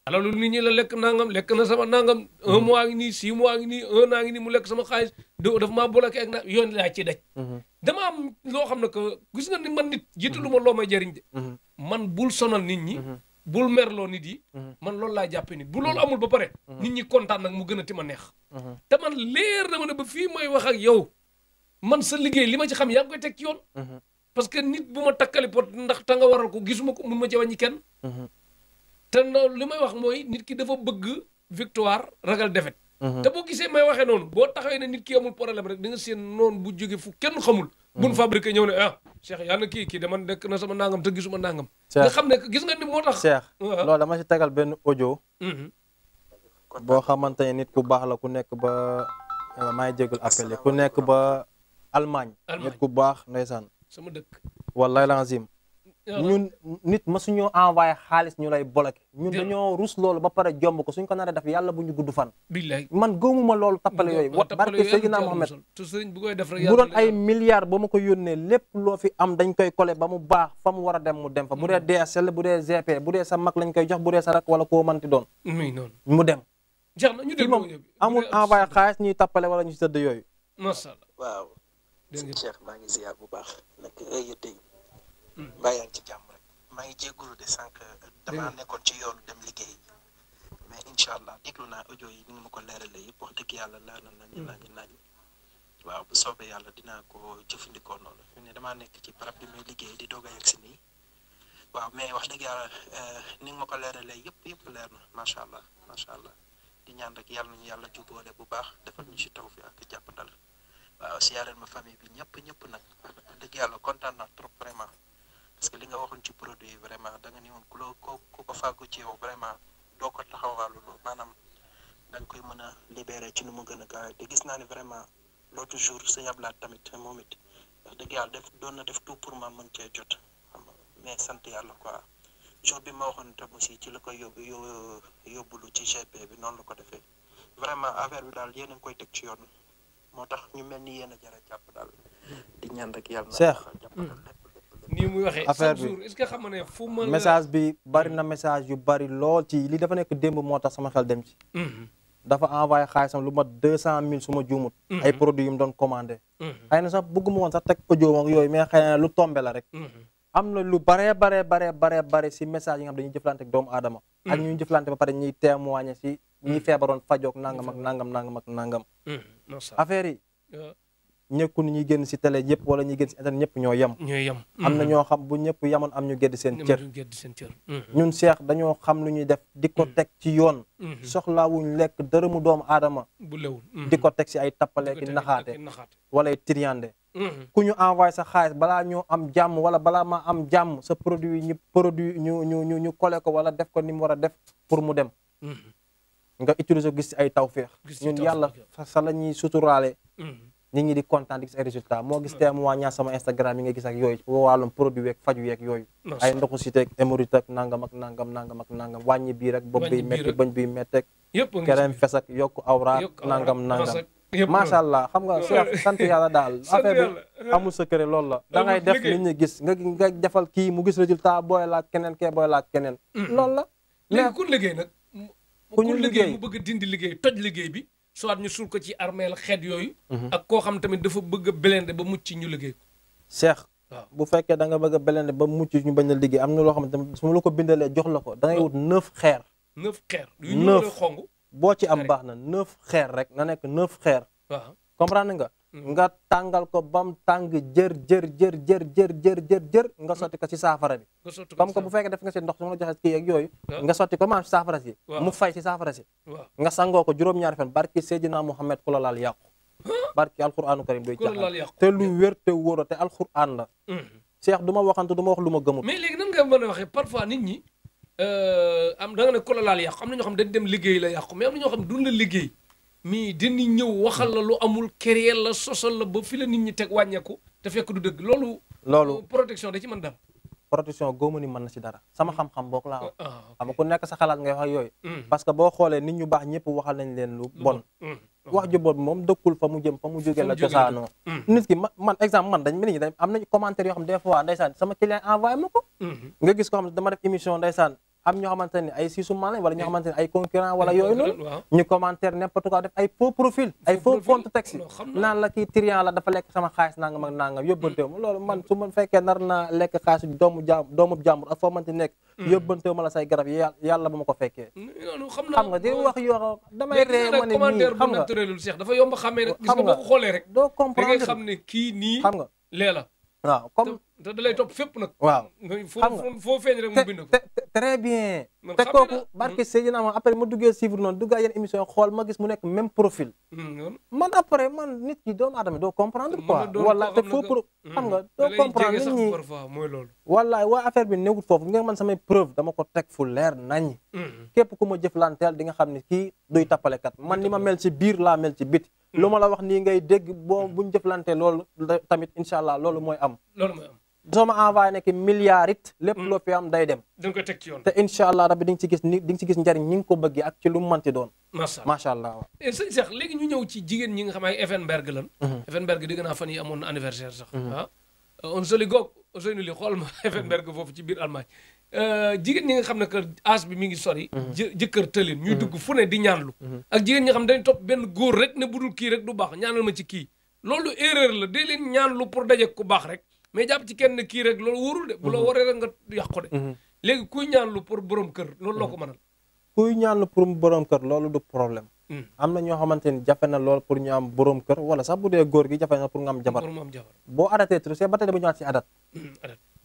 alalu nit ñi la lekk nangam lekk na sama nangam un mois ngi nii six mois ngi nii un an nii mu lekk sama xaalis d daf maa bloqué ak na yoon laa ci daj mhm. dama am loo xam ne que gis nga ni man nit jiitalu ma mhm. loo may jariñ de mhm. man bul sonal nit ñi bul loo nit yi man loolu laa jàppee nit bu loolu amul ba pare nit ñi kontaan nag mu gën a ti ma neex te man leer dama ne ba fii may wax ak yow man sa liggéey li ma ci xam yaa a koy ci yoon parce que nit bu ma takkali pot ndax ta nga waral ko gisuma ko mun ma ci wàññi kenn. Mhm. te li may wax mooy nit ki dafa bëgg victoire ragal defet mhm. te boo gisee may waxee noonu boo taxawee ne nit ki amul problème rek di nga seen noonu bu jóge fu kenn xamul. Mhm. buñ fabriqué ñëw ne ah Cheikh yaa kii kii dama nekk na sama nangam te gisuma nangam. nga xam ne gis nga ni moo tax. Cheikh loolu dama ci tagal benn audio. boo xamante ne nit ku baax la ku nekk ba maa ngi jégalu appelé nekk ba Allemagne. nit ku baax ndeysaan. sama dëkk. wallahi lazim ñun nit masuñoo envoyé xaalis ñu lay bloqué. ñun dañoo rus loolu ba pare jomb ko suñ ko naree def yàlla bu ñu gudd fan. billahi man gëmuma loolu tappale yooyu. wa barke Seydina Mohamed bu koy def rek bu doon ay milliards ba ma ko yónnee lépp loo fi am dañ koy collé ba mu baax fa mu war a dem mu dem fa. bu dee mm-hmm. DSL bu dee GP bu dee sa mag lañ koy jox bu dee sa rak wala koo manti doon. Mm-hmm, mu dem. jeex na ñu moom amul envoyé xaalis ñuy tappale wala ñu sëdd yooyu. dégg nga Cheikh maa ngi ziar bu baax naka yëtte yi. mbaa ci jàmm rek. maa ngi jégalu de sànq. damaa nekkoon ci yoonu dem liggéey. mais incha allah déglu naa audio yi ni nga ma ko leeralee yëpp wax dëgg yàlla leer na nañu hmm. waaw bu soobee yàlla dinaa ko jëfandikoo noonu fi ne damaa nekk ci barab bi may liggéey di doog a si nii. waaw mais wax dëgg yàlla eh, ni nga ma ko leeralee yëpp yëpp leer na macha allah macha allah di ñaan rek yàlla nañu yàlla jubóole bu baax dafa ñu si taw fi ak jàppandal waaw siyaaral ma famille bi ñëpp ñëpp nag wax dëgg yàlla kontaan naa trop vraiment parce que li nga waxoon ci produit yi vraiment danga nga ni woon ku la ko ko fàggu ci yow vraiment doo ko taxawaalu maanaam da nga koy mën a libéré ci nu mu gën a gaawee te gis naa ne vraiment l'autre jour sa yablaat tamit moom it wax dëgg yàlla def doon na def tout pour ma mën cee jot mais sant yàlla ko jour bi ma waxoon tam ci la koy yóbbu yóbbulu ci GP bi noonu la ko defee vraiment affaire bi daal yéen a ngi koy teg ci yoon. moo tax ñu mel ni a jar a jàpp daal di ñaan rek yàlla na hmm. affaire bi message bi bari na message yu bari lool ci li dafa nekk démb moo tax sama xel dem ci hmm. dafa envoyé xaalisam lu mat deux cent mille su ma juumut hmm. ay produits yu mu doon commandé xëy na sax bëgguma woon sax teg audio yooyu mais xëy na lu tombé la rek am na lu baree baree baree baree bare si message yi nga xam dañuy jëflante doomu aadama ak ñuy jëflante ba pare ñuy témoigner si ñi hmm. feebaroon fajoog nangam ak nangam nangam ak nangam. Hmm, affaire yi. Euh. ñëkkul ñi génn si télé yëpp wala ñi génn si internet ñëpp ñoo yem. yem am na hmm. ñoo xam bu ñëpp yemoon am ñu gedd seen cër. ñu seex dañoo xam lu ñuy def di ko teg ci yoon. soxlaawuñ lekk dërëmu doomu aadama. bu lewul di ko teg si ay tappaleeki naxaate wala ay triande. ku ñu envoyé sa xaalis bala ñoo am jàmm wala balaa maa am jàmm sa produit ñu produit ñu ñu ñu ñu collé ko wala def ko ni mu war a def pour mu dem. nga utiliser gis ay tawféex. ñun yàlla sa la ñuy suturaale. Mm. nit ñi di kontaan di gis ay résultats moo gis mm. tey waa ñaa sama Instagram yi nga gis ak yooyu wàllum produit yeeg faju yeeg yooyu. ay ndoxu si teg émorite ak nangam ak nangam nangam ak nangam wàññi biir ak bopp biy métti bañ biy métteeg. yëpp a ngi kerem fes ak yokk awra nangam nangam. macha allah xam nga sant yàlla daal affaire bi amul secret loolu la da ngay def nit ñi gis nga nga defal kii mu gis résultat booy laaj keneen kee booy laaj keneen. loolu la ku ñu liggéey mu bëgg dindi liggéey toj liggéey bi soit ñu suul ko ci armeel xeet yooyu. Mhm. ak koo xam tamit dafa bëgg a ba mucc ñu liggéey ko. Cheikh. bu fekkee da nga bëgg a belende ba mucc ñu bañ a liggéey am na loo xam ne su ma la ko bindalee jox la ko da ngay wut neuf xeer. neuf xeer yu ñu xongu boo ci am baax na neuf xeer rek na nekk neuf xeer. comprendre nga. nga tàngal ko bam tàng jër jër jër jër jër jër jër jër nga mm. sotti ko si saafara bi comme que bu fekkee def nga si ndox su ma la joxe kii ak yooyu nga sotti ko maam si saafara si mu fay si saafara si nga sangoo ko juróom-ñaari fan barki Seydina Muhammad ku la laal yàqu barki alquranu karim doy jaaxal te lu wér te wóor te alquran la mm-hmm. Cheikh du ma waxante du wax lu ma gëmul mais léegi nan nga mën a waxee parfois nit ñi euh, am da ne ku la laal yàqu am na ñoo xam dañ dem liggéey la mais dina ñëw waxal la lu amul créer la sosal la ba fi la nit ñi teg wàññeeku te fekk du dëgg loolu. loolu euh, protection da ci mën dara. sama xam-xam boog laa wax ak ah, hmm. hmm. moom dëkkul fa mu jëm fa mu jóge la cosaanoo hmm. nit ki man exemple man dañ mel ni dañ am nañ commentaire yoo xam des ndeysaan sama client envoyé ma ko. nga gis ko xam dama def émission ndeysaan am ñoo xamante ne ay siisu maan lañ wala ñoo xamante ne ay concurrent wala yooyu noonu ñu commentaire n'importe quoi def ay faux profil ay faux compte texte naan la kii trian la dafa lekk sama xaalis nangam hmm. ma loolu man su ma fekkee nar naa lekk xaalis doomu jaam doomu jàmbur ak foo mante nekk hmm. yóbbantewu ma la say garab yi yàlla bu ma ko fekkee hmm, xam nga di wax yoo damay ree ma ne nii xam nga dafa yomb xamee rek gis nga boo ko xoolee rek doo comprendre kii nii xam nga lee la waaw comme te da lay topp fépp nag. waaw xam nga foo feeñ rek mu bind ko. très bien. te kooku barke Seydina ma après ma duggee suivre noonu dugg yenn émission yi xool ma gis mu nekk même profil. Mm, man après man nit ki doomu aadama doo comprendre quoi. wala te foo pro mm, xam nga doo comprendre nit ñi. wallaay waa affaire bi newut foofu nga man samay preuve dama ko teg fu leer nañ mm. képp ku ma jëflanteel di nga xam ne kii duy tappalekat man ni ma mel ci biir laa mel ci biti. lu ma la wax nii ngay dégg boo buñ jëflante loolu tamit incha allah loolu mooy am. loolu mooy am soo ma envoyé nekk milliard it. lépp mm. loo fi am day dem. dañ ko ci yoon te incha allah rabbi di nga ci gis ni di nga ci gis njariñ ñi nga ko bëggee ak ci lu mu mënti doon. macha allah macha allah. Eh, sëñ Cheikh ñu ñëw ci jigéen ñi nga xam ay Evenberg lan. Mm-hmm. Evenberg dégg naa fan yi amoon na anniversaire sax. Mm-hmm. ah euh, on se li goog on se li xool ma Evenberg foofu ci biir Allemagne. Euh, jigéen ñi nga xam ne kër âge bi mi ngi sori. Mhm. jëkkër tëlin ñuy mhm. dugg fu ne di ñaanlu. Mhm. ak jigéen ñi xam ne dañu topp benn góor rek ne budul kii rek du baax ñaanal ma ci kii. loolu erreur la dee leen lu pour daje ku baax rek mais jàpp ci kenn kii rek loolu wóorul de. bu la waree rek nga yàq ko de. léegi kuy ñaanlu pour borom kër loolu loo ko mënal. kuy ñaanlu pour borom kër loolu du problème. am na ñoo xamante ni jafe na lool pour ñu am borom kër wala sax bu dee góor gi jafe na pour nga am jabar. boo arrêté trop c'est ba tey dama ñëwaat adat.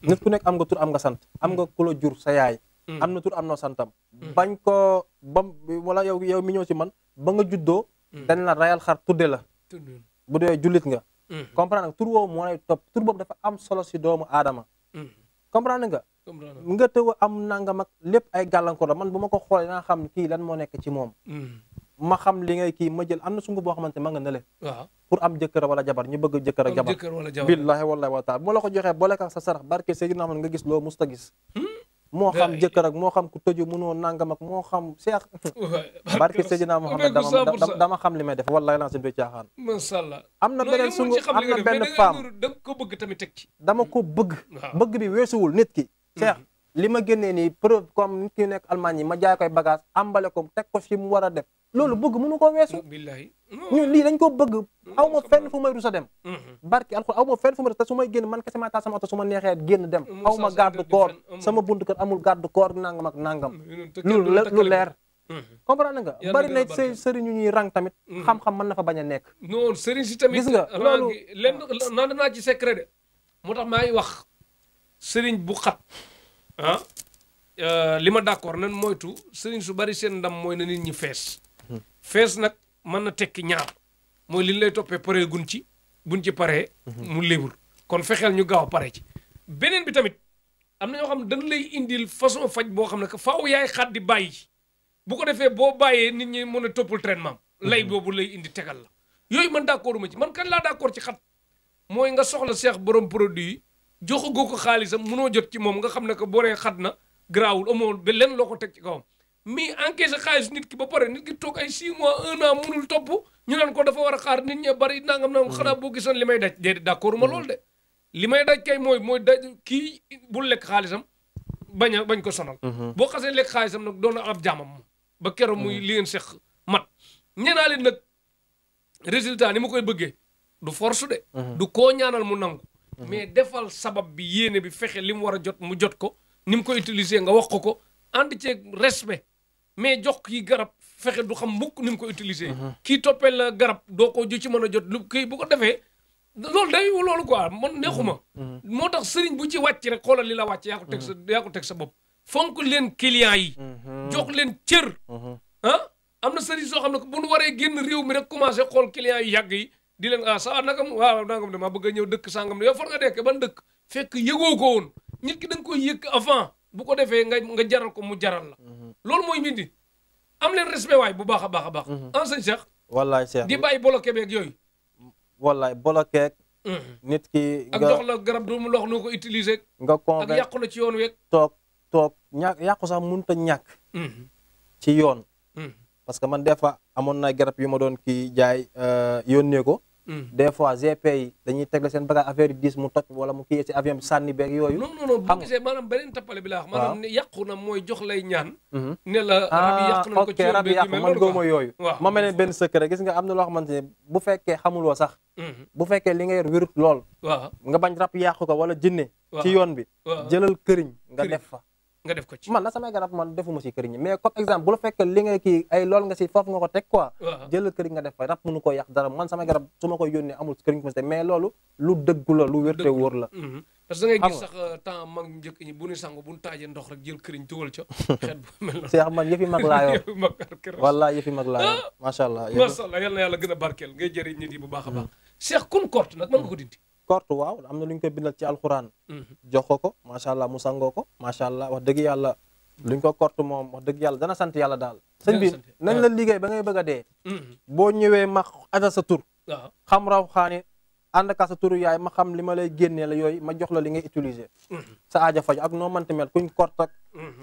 nit ku nekk am nga tur am nga sant am nga ku jur sa yaay mm. am na tur am na santam mm. bañ koo bam wala yow yow mi ñëw si man ba nga juddoo mm. dañ la rayal xar tudde la bu dee jullit nga comprendre nga tur woowu moo lay topp tur boobu dafa am solo si doomu aadama comprendre nga nga tëw am nangam mag lépp ay gàllankoor la man bu ma ko xoolee dinaa xam kii lan moo nekk ci moom ma xam li ngay kii ma jël am na sungu boo xamante ma nga ne le waaw pour am jëkkër wala jabar ñu bëgg jëkkër a jabar billaahi wallaahi wa taala bu ma la ko joxee boole ak sa sarax barke sëy na xam nga gis loo musta gis hmm? moo xam jëkkër ak moo xam ku tëju mënoo nanga ak moo xam seex barke Seydina Muhammad dama dama xam li may def wallahi lan seen du caaxaan Allah am na beneen sungu am na benn femme dama ko bëgg tamit teg ci dama ko bëgg hmm. bëgg bi weesuwul nit ki hmm. seex li ma génnee nii preuve comme nit ki nekk Allemagne yi ma jaay koy bagage ambale ko teg ko fi mu war a def loolu bëgg mënu ko weesu ñun lii dañ ko bëgg aw ma fenn fu may rusa dem mhm. barki alxuraan aw ma fenn fu may rusa te su may génn man kese maa taal sama oto su ma neexee génn dem mm, aw ma garde corps sama buntu kër amul garde corps nangam ak nangam mm, loolu lu leer mm. na nga bari na së sëriñ yu ñuy rang tamit xam-xam mën na fa bañ a nekk non sëriñ si tamit gis nga loolu lenn naan naa ci secret de moo tax maa wax sëriñ bu xat ah euh, li ma d'accord nan moytu sëriñ su bari seen ndam mooy na nit ñi fees. fees nag mën na tekki ñaar mooy li lay toppee paree gun ci buñ ci paree. mu léebur kon fexeel ñu gaaw a pare ci. beneen bi tamit am na ñoo xam ne dañ lay indil façon faj boo xam ne que faaw yaay xaat di bàyyi bu ko defee boo bàyyee nit ñi mën a toppul traitement lay boobu lay indi tegal la. yooyu man d'accorduma ci man kan laa d'accord ci xat mooy nga soxla seex borom produit joxagoo ko xaalisam munoo jot ci moom nga xam ne que boree xat na garaawul amoo ba lenn loo ko teg ci kawam mais encaissé xaalis nit ki ba pare nit ki toog ay 6 mois 1 an munul topp ñu naan ko dafa war a xaar nit ñe bari nangam nangam xanaa boo gisoon li may daj déedéet d'accord ma loolu de li may daj kay mooy mooy daj kii bu lekk xaalisam bañ bañ ko sonal mhm. boo xasee lekk xaalisam nag doona ab jaamam moom ba keroog muy mhm. li ngeen mat ñenaa leen nag résultat ni ma koy bëggee du force de mhm. du koo ñaanal mu nangu Mhm. mais defal sabab bi yéene bi fexe li mu war a jot mu jot ko ni mu ko utiliser nga wax ko ko ànd ceeg respect mais jox kii garab fexe du xam mukk ni mu ko utiliser. Mhm. kii toppee la garab doo ko ju ci mën a jot lu kii bu ko defee loolu day loolu quoi man neexuma. Mhm. moo tax sëriñ bu ci wàcc rek xoolal li la wàcc. yaa ko teg sa yaa ko teg sa bopp. fonk leen client yi. jox leen cër. ah am na sëriñ soo xam ne bu nu waree génn réew mi rek commencé xool client yu yàgg yi. di leen ah saa nagam waaw nagam ma bëgg a ñëw dëkk sangam ne yow far nga dekke ban dëkk fekk yëgoo ko woon nit ki da nga koy yëg avant bu ko defee nga nga jaral ko mu jaral la mhm. loolu mooy mindi am leen respect bu baax a baax a baax mhm. enseigne Cheikh wallaay Cheikh di bàyyi bloqué beeg yooyu wallaay bloqué mhm. nit ki ak jox la garab du mu lox noo ko utiliser nga ak yàqu la ci yoon weeg toog toog ñàkk yàqu sax mënut ta ñàkk ci yoon parce que man des fois amoon na garab yu ma doon kii jaay euh, yónnee ko Mm. des fois GP yi dañuy tegle seen bagage affaire yi diis mu toj wala mu kii si avion bi sànni beeg yooyu. non non mooy jox lay ñaan. Mm-hmm. ne la rab yi ah, yàqu nañ ko ci yi yàqu man góoma yooyu. waaw ma mel ne benn secret gis nga am na loo xamante ne bu fekkee xamuloo sax. Mm-hmm. bu fekkee li nga yor wérut lool. waaw nga bañ rab yàqu ko wala jinne ci yoon bi. jëlal këriñ nga def fa nga def ko ci man la samay garab man defuma si këriñ mais comme exemple bu la fekk li nga kii ay lool nga si foofu nga ko teg quoi jëlal këriñ nga def fa rab mënu ko yàq dara man samay garab su ma koy yónnee amul këriñ ko si mais loolu lu dëggu lu wérte la mm-hmm. parce que da ngay gis euh, mag njëkk ñi bu ñu sangu bu taajee ndox rek jël këriñ tugal ca xeet bu mel noonu Cheikh man yëfi mag laa yor wallaahi yëfi mag laa yor macha ah! allah macha allah yàlla gën a barkeel ngay jëriñ nit yi bu baax a baax hmm. Cheikh kun kort nag mën nga ko dindi escorte waaw am na lu ñu ko bindal ci alxuraan. Mhm. jox ko ko macha allah mu sangoo ko macha allah wax dëgg yàlla. luñ ko kort moom wax dëgg yàlla dana sant yàlla daal. sëñ bi nañ la liggéey ba ngay bëgg a dee. Mhm. boo ñëwee ma aja sa tur. raw xaani ànd ak sa turu yaay ma xam li ma lay génnee la yooyu ma jox la li ngay utiliser sa aaja faj ak noo mënti mel kuñ kort ak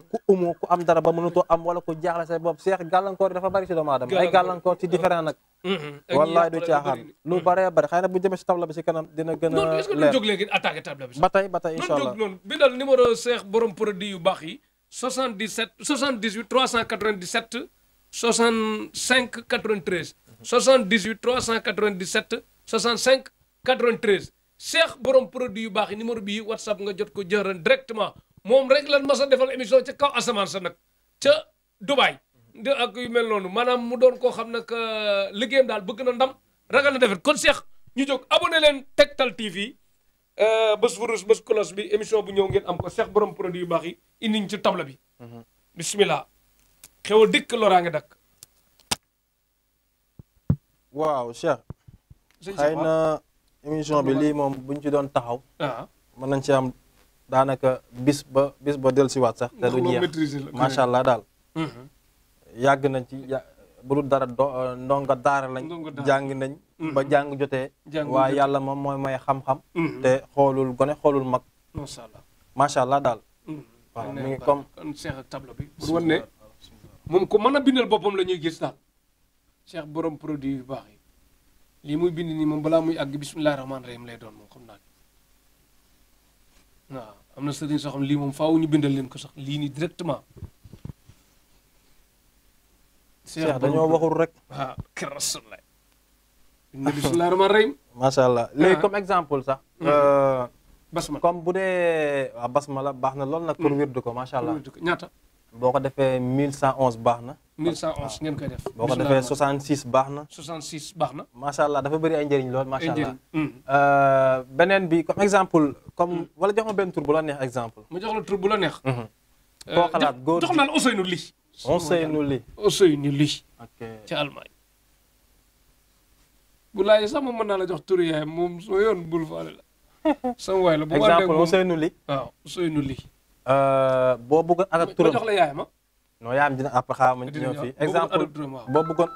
ku umu ku am dara ba mënutoo am wala ku jaaxle say bopp seex gàllankoor yi dafa bari si doomu aadama ay gàllankoor ci différent nag mm-hmm. wallaay du caaxaan lu baree bari xëy na bu demee si table bi si kanam dina gën a leer est-ce que duñ jóg ba tey ba tey incha allah noonu bindal numéro seex borom produit yu baax yi 77 78 397 65 93 78 397 65 93 Cheikh borom produit yu baax yi numéro bii whatsapp nga jot ko jëran directement moom rek lan mas a defal émission ca kaw asamaan sa nag ca Dubaay. de ak yu mel noonu maanaam mu doon koo xam nag euh, liggéeyam daal bëgg na ndam ragal na defet kon Cheikh ñu jóg abonné leen Tektal TV euh, bés furus bés kolos bi émission bu ñëw ngeen am ko Cheikh borom produit yu baax yi indi ñu ci bi. Mhm. bismillah xew a dikk loraa nga dakk waaw Cheikh. émission bi lii moom bu ñu ci doon taxaw. Ah. mën nañ ci am daanaka bis ba bis ba dellusiwaat sax. te du jeex macha allah daal. Mhm. yàgg nañ ci ya bu dul dara euh, ndonga daara lañ. jàng nañ. Mhm. ba jàng jotee. waa yàlla moom mooy may xam-xam. Mhm. te xoolul gone xoolul mag. macha allah macha allah daal. waaw mu ngi moom ku mën a bindal boppam la gis daal. borom produit lii muy bind nii moom balaa muy àgg bisimilah rahmaani rahim lay doon moom xam naa waaw am na sëriñ soo xam lii moom faaw ñu bindal leen ko sax lii nii directement. Cheikh dañoo waxul rek. waaw kër rasulullah. bisimilah rahmaani rahim. macha allah ah. léegi comme exemple sax. Mm-hmm. Euh, basmala comme bu dee waaw basmala baax na lool nag. pour mm-hmm. wirdu ko macha allah ñaata. boo ko defee mille 1111 baax na. 1111 ngeen koy def. boo ko defee 66 baax na. 66 baax na. macha allah dafa bëri ay njëriñ lool macha allah. Hmm. Euh, beneen bi comme exemple. comme hmm. wala jox ma benn tur bu la neex exemple. mu jox la tur bu la neex. Hmm. Euh, koo xalaat góor jox naan Ousseynou Ly. Ousseynou Ly li Ly. ok ci Allemagne. bu laajee sax moom jox tur yaay moom soo yoon bul faale la. sama waay Euh, boo bëggoon adat turam jox la yaayam ah? non yaayam dina àpp xaa ma ñëw fii exemple boo bëggoon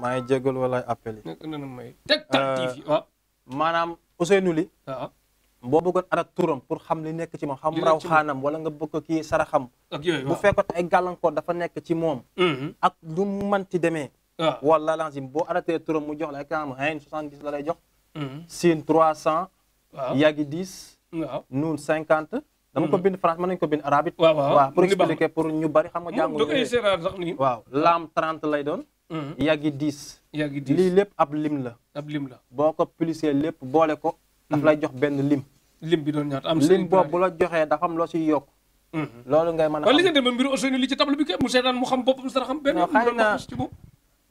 maa ngi jégalu wala appel yi euh, maanaam Ousseynou Ly ah. boo bëggoon adat turam pour xam li nekk ci moom xam raw xaanam wala nga bëgg ko kii saraxam bu fekkoon ay gàllankoor dafa nekk ci moom mm-hmm. ak lu mu manti demee ah. wala lancim boo adatee turam mu jox la exemple ayn soixante dix la lay jox mm-hmm. siin trois cent yagi dix nuun cinquante dama ko mm-hmm. bind France mën nañu ko bind arabe it. waaw waaw pour expliquer pour ñu bari xam nga mm, jàngu. waaw laam 30 lay doon. Mm-hmm. yàggi 10. lii lépp ab lim la. ab lim la boo ko plissé lépp boole ko. daf mm-hmm. lay jox benn lim. lim bi doon ñaata am lim boobu bu la joxee dafa am loo ciy yokk. loolu ngay mën a am li nga demee mbiru Ousseynou li ci table bi kay mu seetaan mu xam boppam sara xam benn. xëy na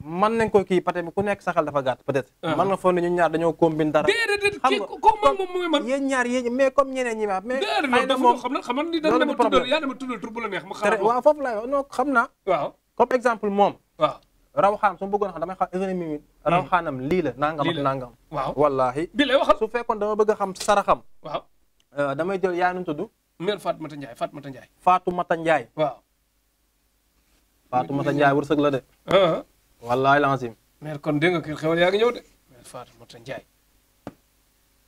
mën nañ ko kii peut-être ku nekk saxal dafa gàtt peut-être ah. mën na foog ne ñu ñaar dañoo combine dara déedéet kii comme man moom mooy man yéen ñaar yéen mais comme ñeneen ñi ma mais dafa moom xam na xam na ni dañ dama tuddal yaa dama tuddal tur bu la neex ma xam waaw foofu laay wax non xam naa waaw comme exemple moom waaw raw xaanam su ma bëggoon xam damay xam économie mi raw xaanam lii la nangam ak nangam waaw wallaahi bi lay waxal su fekkoon dama bëgg a xam saraxam waaw euh, damay jël yaa nu tudd mère Fatoumata Ndiaye Fatoumata Ndiaye Fatoumata Ndiaye waaw Fatoumata Ndiaye wërsëg la de ah, ah. wallaay lancim mère kon dégg nga kër xewal yaa ngi ñëw de mère Fatoumata Ndiaye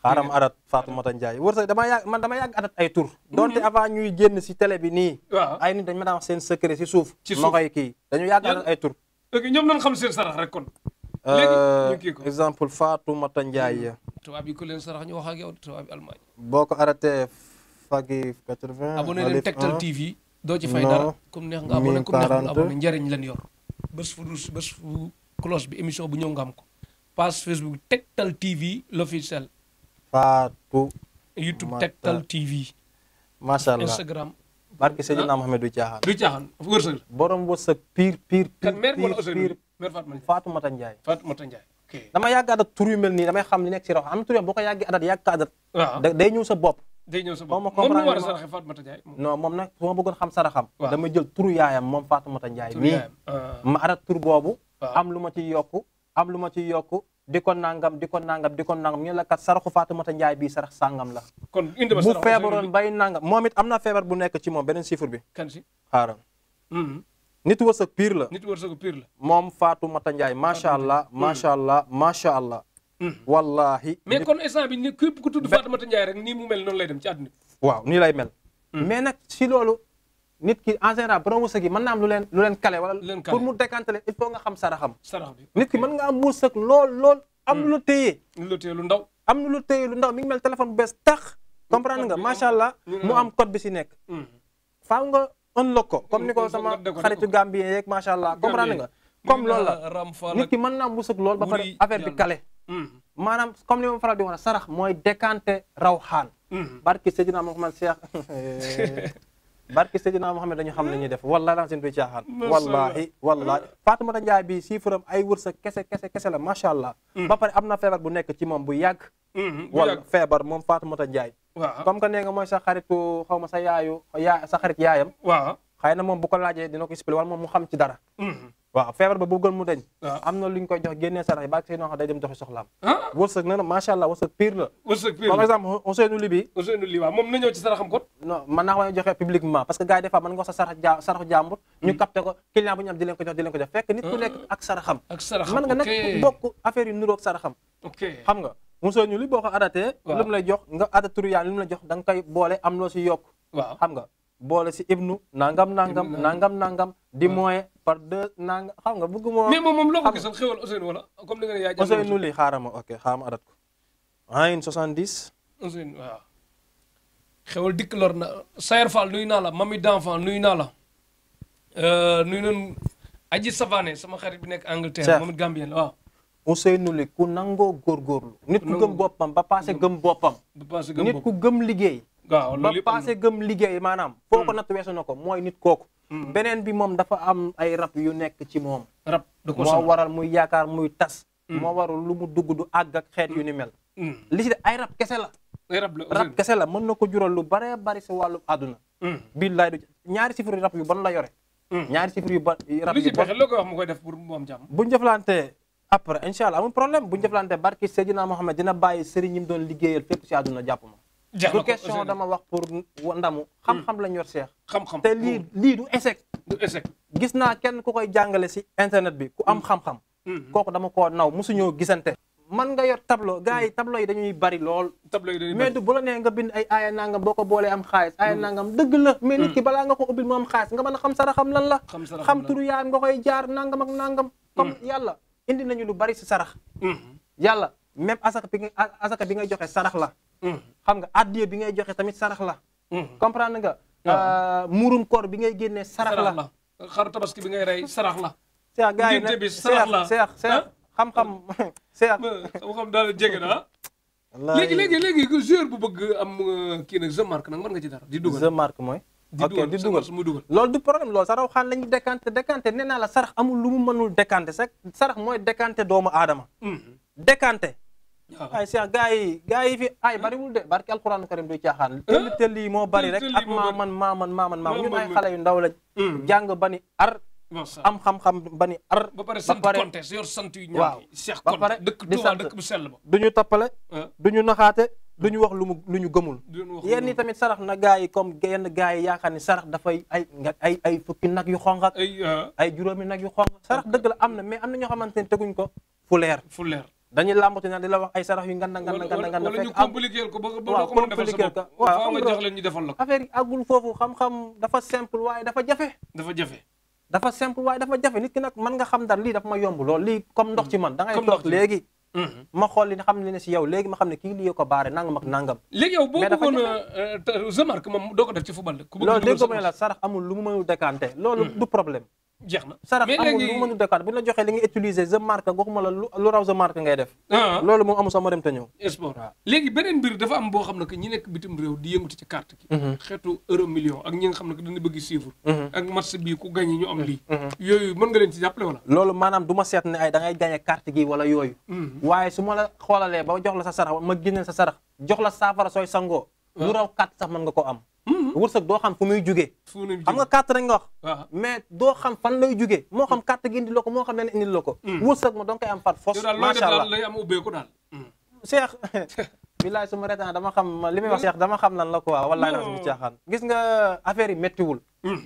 xaaram adat Fatoumata Ndiaye wërsëg dama yàgg man dama yàgg adat ay tur donte hmm. avant ñuy génn si télé bi nii waaw ay nit dañ ma daan seen secret si suuf ma koy kii dañu yàgg adat ay tur léegi ñoom nañ xam seen sarax rek kon euh, kii ko exemple Fatoumata Ndiaye hmm. tubaab yi ku leen sarax ñu wax ak yow tubaab yi boo ko arrêté fagi 80 abonné leen Tektal TV doo ci fay dara comme neex nga nga abonné njëriñ leen yor bés fu rouge bés fu cloche bi émission bu ñëw nga ko page Facebook Tektal TV l'officiel. Fatou. YouTube Tektal TV. macha allah Instagram. barke Seydina ah. Mohamed du caaxaan. du caaxaan wërsëg. borom wërsëg pire pire. pire pire pire Fatou Mata Ndiaye. Fatou Mata Ndiaye. ok dama adat tur yu mel nii damay xam li nekk ci raw am na tur boo ko yàggee adat yàgg adat. Ah. day ñëw sa bopp. day ñëw sa bopp moom mi war a saraxe Fatoumata Ndiaye non moom nag su ma bëggoon xam saraxam dama jël turu yaayam moom Fatoumata Ndiaye mii ah. ma arat tur boobu am lu ma ci yokku am lu ma ci yokku di ko nangam di ko nangam di ko nangam ñu la kat saraxu Fatoumata Ndiaye bii sarax sàngam la kon indi ma bu feebaroon bay nangam moom it am na feebar bu nekk ci moom beneen chiffre bi kan si xaaral mm-hmm. nit wërsëg pire la nit wërsëg pire la moom Fatoumata Ndiaye macha allah macha allah macha allah Hmm. wallaahi. mais kon instant bi ni képp ku tudd Fatoumata Ndiaye rek nii mu mel noonu lay dem ci àdduna waaw nii lay mel. Hmm. mais nag si loolu nit ki en général borom wërsëg yi man naa am lu leen lu leen kale wala. pour mu décanter il faut nga xam saraxam. sarax bi nit ki mën nga am wërsëg lool lool. am hmm. lu la téye. lu la lu ndaw. am lu la lu ndaw mi mel téléphone bu bees tax. comprendre nga macha allah mu am code bi si nekk. faaw nga unlock ko comme ni ko sama xaritu Gambien yeeg macha allah comprendre nga. comme lool la nit ki mën naa am wërsëg lool ba pare affaire bi kale Mm-hmm. maanaam comme li ma faral di wax sarax mooy décanté raw xaan mm-hmm. barki Seydina Mohamed Cheikh barki Seydina Mohamed dañu xam ne ñuy def wallahi lan seen du caaxaan wallahi wallahi mm-hmm. Faatumata Njaay bi siifuram ay wërsëg kese kese kese la macha allah ba pare am na feebar bu nekk ci moom bu yàgg wala feebar moom Faatumata Njaay comme que nee nga mooy sa xaritu xaw ma sa yaayu yaa sa xarit yaayam waaw xëy na moom bu ko laajee dina ko expliqué wala moom mu xam ci dara waaw feebar ba bëggoon mu dañ ah. am na lu koy jox génnee sarax yi barke Seydina Muhammad day dem doxi soxlaam ah. wërsëg na macha allah wërsëg pire moom parce que gars yi des nga sa sarax ja ñu hmm. capté ko client bu ñu am di leen ko jox di leen ko jox fekk nit ku ah. nekk ak saraxam mën nga nag bokk affaire yu nuroog saraxam xam nga Ousseynou Li boo ko arrêté lu mu lay jox nga arrêté turu yàlla lay jox da nga koy boole am loo si yokk xam nga boole si ibnu nangam nangam nangam nangam di moyen par deux nanga xam nga bëgg moo. mais moom moom loo ko gisoon xéwal Ousseynou wala comme nga ne yaay. Ousseynou lii xaaral ok xaaral adat ko. ah une soixante dix. Ousseynou dikk lor na Sayer Fall nuyu naa la mami d'enfant nuyu naa la. Euh, nuyu nañu Aji sama xarit bi nekk Angleterre moom it Gambien la waaw. Ousseynou li ku nangoo góorgóorlu. nit ku gëm boppam ba paase gëm boppam. ba paase gëm boppam nit ku gëm liggéey. waaw ba paase gëm liggéey maanaam. foo ko hmm. natt weesu na ko mooy nit kooku. Mm-hmm. beneen bi moom dafa am ay rab yu nekk ci moom. rab moo waral muy yaakaar muy tas. Mm-hmm. moo warul lu mu dugg du àgg ak xeet yu ni mel. Mm-hmm. li ci ay rab kese la. ay rab la rab kese la mën na ko jural lu baree bari si wàllu àdduna. billaay du ñaari sifir rab yu ban la yore. ñaari sifir yu ban rab yu ban lu ko wax mu koy def bu ñu jëflante après incha allah amul problème bu ñu jëflante barki Seydina Mohamed dina bàyyi sëriñ ñi mu doon liggéeyal fépp si àdduna jàpp ma. du question dama wax pour ndamu. Hmm. xam-xam lañ yor seex. xam te lii hmm. lii du échec. du gis naa kenn ku koy jàngale si internet bi ku am hmm. xam-xam. kooku dama koo naw mosuñoo gisante. man nga yor tableau gars yi tableau yi dañuy bari lool. tableau yi dañuy du bu la nee nga bind ay aaya nangam boo ko boolee am xaalis. aaya nangam dëgg la. mais nit ki balaa nga ko ubbil mu am xaalis nga mën a xam saraxam xam lan la. xam saraxam xam turu yaayam nga koy jaar nangam ak nangam. comme yàlla indi nañu lu bari si sarax. yàlla même asaka bi nga asaka bi nga joxe sarax la Hmm. xam nga addiya bi ngay joxe tamit sarax la. Hmm. comprendre nga. Ah. Euh, muurum koor bi ngay génnee sarax la. xaru tabaski bi ngay rey sarax la. seex gars yi nag seex seex ah. xam-xam seex. xam-xam daal jege na ah. léegi léegi léegi joueur bu bëgg am euh, kii nag je marque nag mën nga ci dara di dugal je marque mooy. ok di dugal mu dugal loolu du problème loolu saraw xaan lañu décanté décanté ne naa la sarax amul lu mu mënul décanté sax sarax mooy décanté doomu aadama. Hmm. décanté. ay Cheikh gars yi gars yi ay bariwul de barki alquran karim du caaxaan tëll tëll yi moo bari rek ak maaman maaman maaman maaman ñun ay xale yu ndaw lañ jàng ni ar am xam-xam bani ar ba pare sant Konte yor sant yu ñaaw Cheikh dëkk Touba dëkk bu sell ba du ñu tappale du ñu naxaate du ñu wax lu mu lu ñu gëmul yenn tamit sarax na gars yi comme yenn gars yi xam ne sarax dafay ay ay ay fukki nag yu xonq ak ah. ay juróomi nag yu xonq sarax dëgg la am na mais am na ñoo xamante ne teguñ ko fu leer fu leer dañuy làmbati naan di la wax ay sarax yu nganda nganda nganda nganda fekk am waaw compliquer ka waaw nga jox leen ñu defal la ko affaire yi àggul foofu xam-xam dafa simple waaye dafa jafe dafa jafe dafa simple waaye dafa jafe nit ki nag mën nga xam dara lii dafa ma yomb lool lii comme ndox ci man mm-hmm. da ngay toog léegi mm-hmm. ma xool li nga xam ne si yow léegi ma xam ne kii lii ko baare nangam ak nangam léegi yow boo bëggoon remarque euh, moom doo ko def ci football loolu dégg ko ma ne la sarax amul lu mu mënul décanté loolu mm-hmm. du problème jeex na sarax amul lu mënu décor bu ñu la joxee li nga utiliser sa marque waxuma la lu raw sa marque ngay def ah. loolu moom amul sama dem te ñëw sport léegi beneen mbir dafa am boo xam ne que ñi nekk bitim réew di yëngatu ci mm-hmm. ak ñi nga xam ne que dañu bëgg suivre mm-hmm. ak match bii ku gagné ñu am lii mm-hmm. yooyu mën nga leen ci jàppale wala loolu maanaam du ma seet ne ay da ngay gagné carte gi wala yooyu waaye su ma la xoolalee ba jox la sa sarax ma génneel sa sarax jox la saafara sooy sangoo ah. lu raw carte sax mën nga ko am Mm-hmm. wërsëg doo xam fu muy jugee xam nga carte rek nga wax ah. mais doo xam fan lay jugee moo xam carte mm. gi indi la ko moo xam ne indi la ko mm. wërsëg ma danga koy am par force macha allah lay am ubbeeku daal mm. Cheikh bilaay su ma reetaan dama xam li may wax Cheikh dama xam lan la quoi wallaay la su caaxaan gis nga affaire yi méttiwul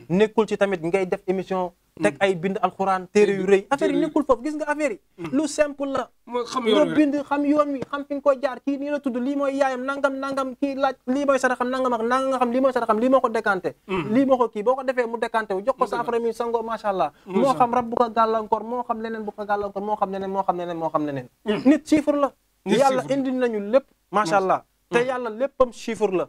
nekkul ci tamit ngay def émission teg mm. ay bind alxuraan téere yu rëy affaire yi nekkul foofu gis nga affaire yi mm. lu simple la nga bind xam yoon wi xam fi nga jaar kii nii la tudd lii mooy yaayam nangam nangam kii laaj lii mooy saraxam nangam ak nangam nga xam lii mooy saraxam lii moo ko décanté mm. lii moo ko kii boo ko defee mu décanté wu jox ko saafara mi sango macha allah moo xam rab bu ko gàllankoor moo xam leneen bu ko gàllankoor moo xam leneen moo xam leneen moo xam leneen nit chiffre la yàlla indi nañu lépp macha allah te yàlla léppam chiffre la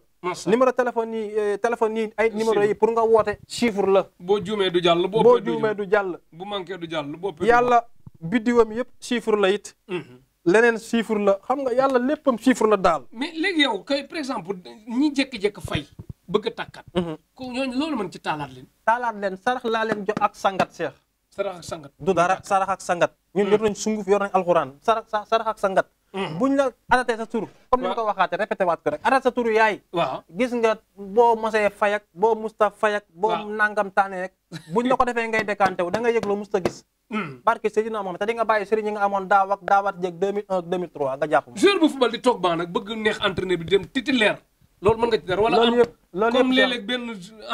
numéro téléphone yi euh, téléphone yi ay numéro yi pour nga woote chiffre la boo juumee du jàll boo juumee du jàll bu manqué du jàll yàlla biddiwam yëpp chiffre la it mhm. leneen chiffre la xam nga yàlla léppam chiffre la daal mais léegi yow kay par exemple ñi jékki-jékki fay bëgg a tàkkat mhm. ko ñooñu loolu mën ci taalaat leen taalaat leen sarax laa leen jox ak sangat seex sarax sangat du dara sarax ak sangat ñun yor nañ sunguf yor nañ alxuraan sarax sarax ak sangat Mm. buñ la arrêté sa tur comme ni ma ko waxaate répété waat ko rek arrêté sa turu yaay waaw gis nga boo mosee fayak boo musta fayak boo nangam taane rek buñ la ko defee ngay décanté wu da nga yëg loo musta gis mm. barke Seydina Mohamed te di nga bàyyi sëriñ nga amoon daaw ak daawaat jéeg 2001 ak 2003 nga jàpp joueur bu football di toog baa nag bëgg neex entraîneur bi dem titulaire loolu mën nga ci dara wala loolu yëpp loolu yëpp comme léeg-léeg benn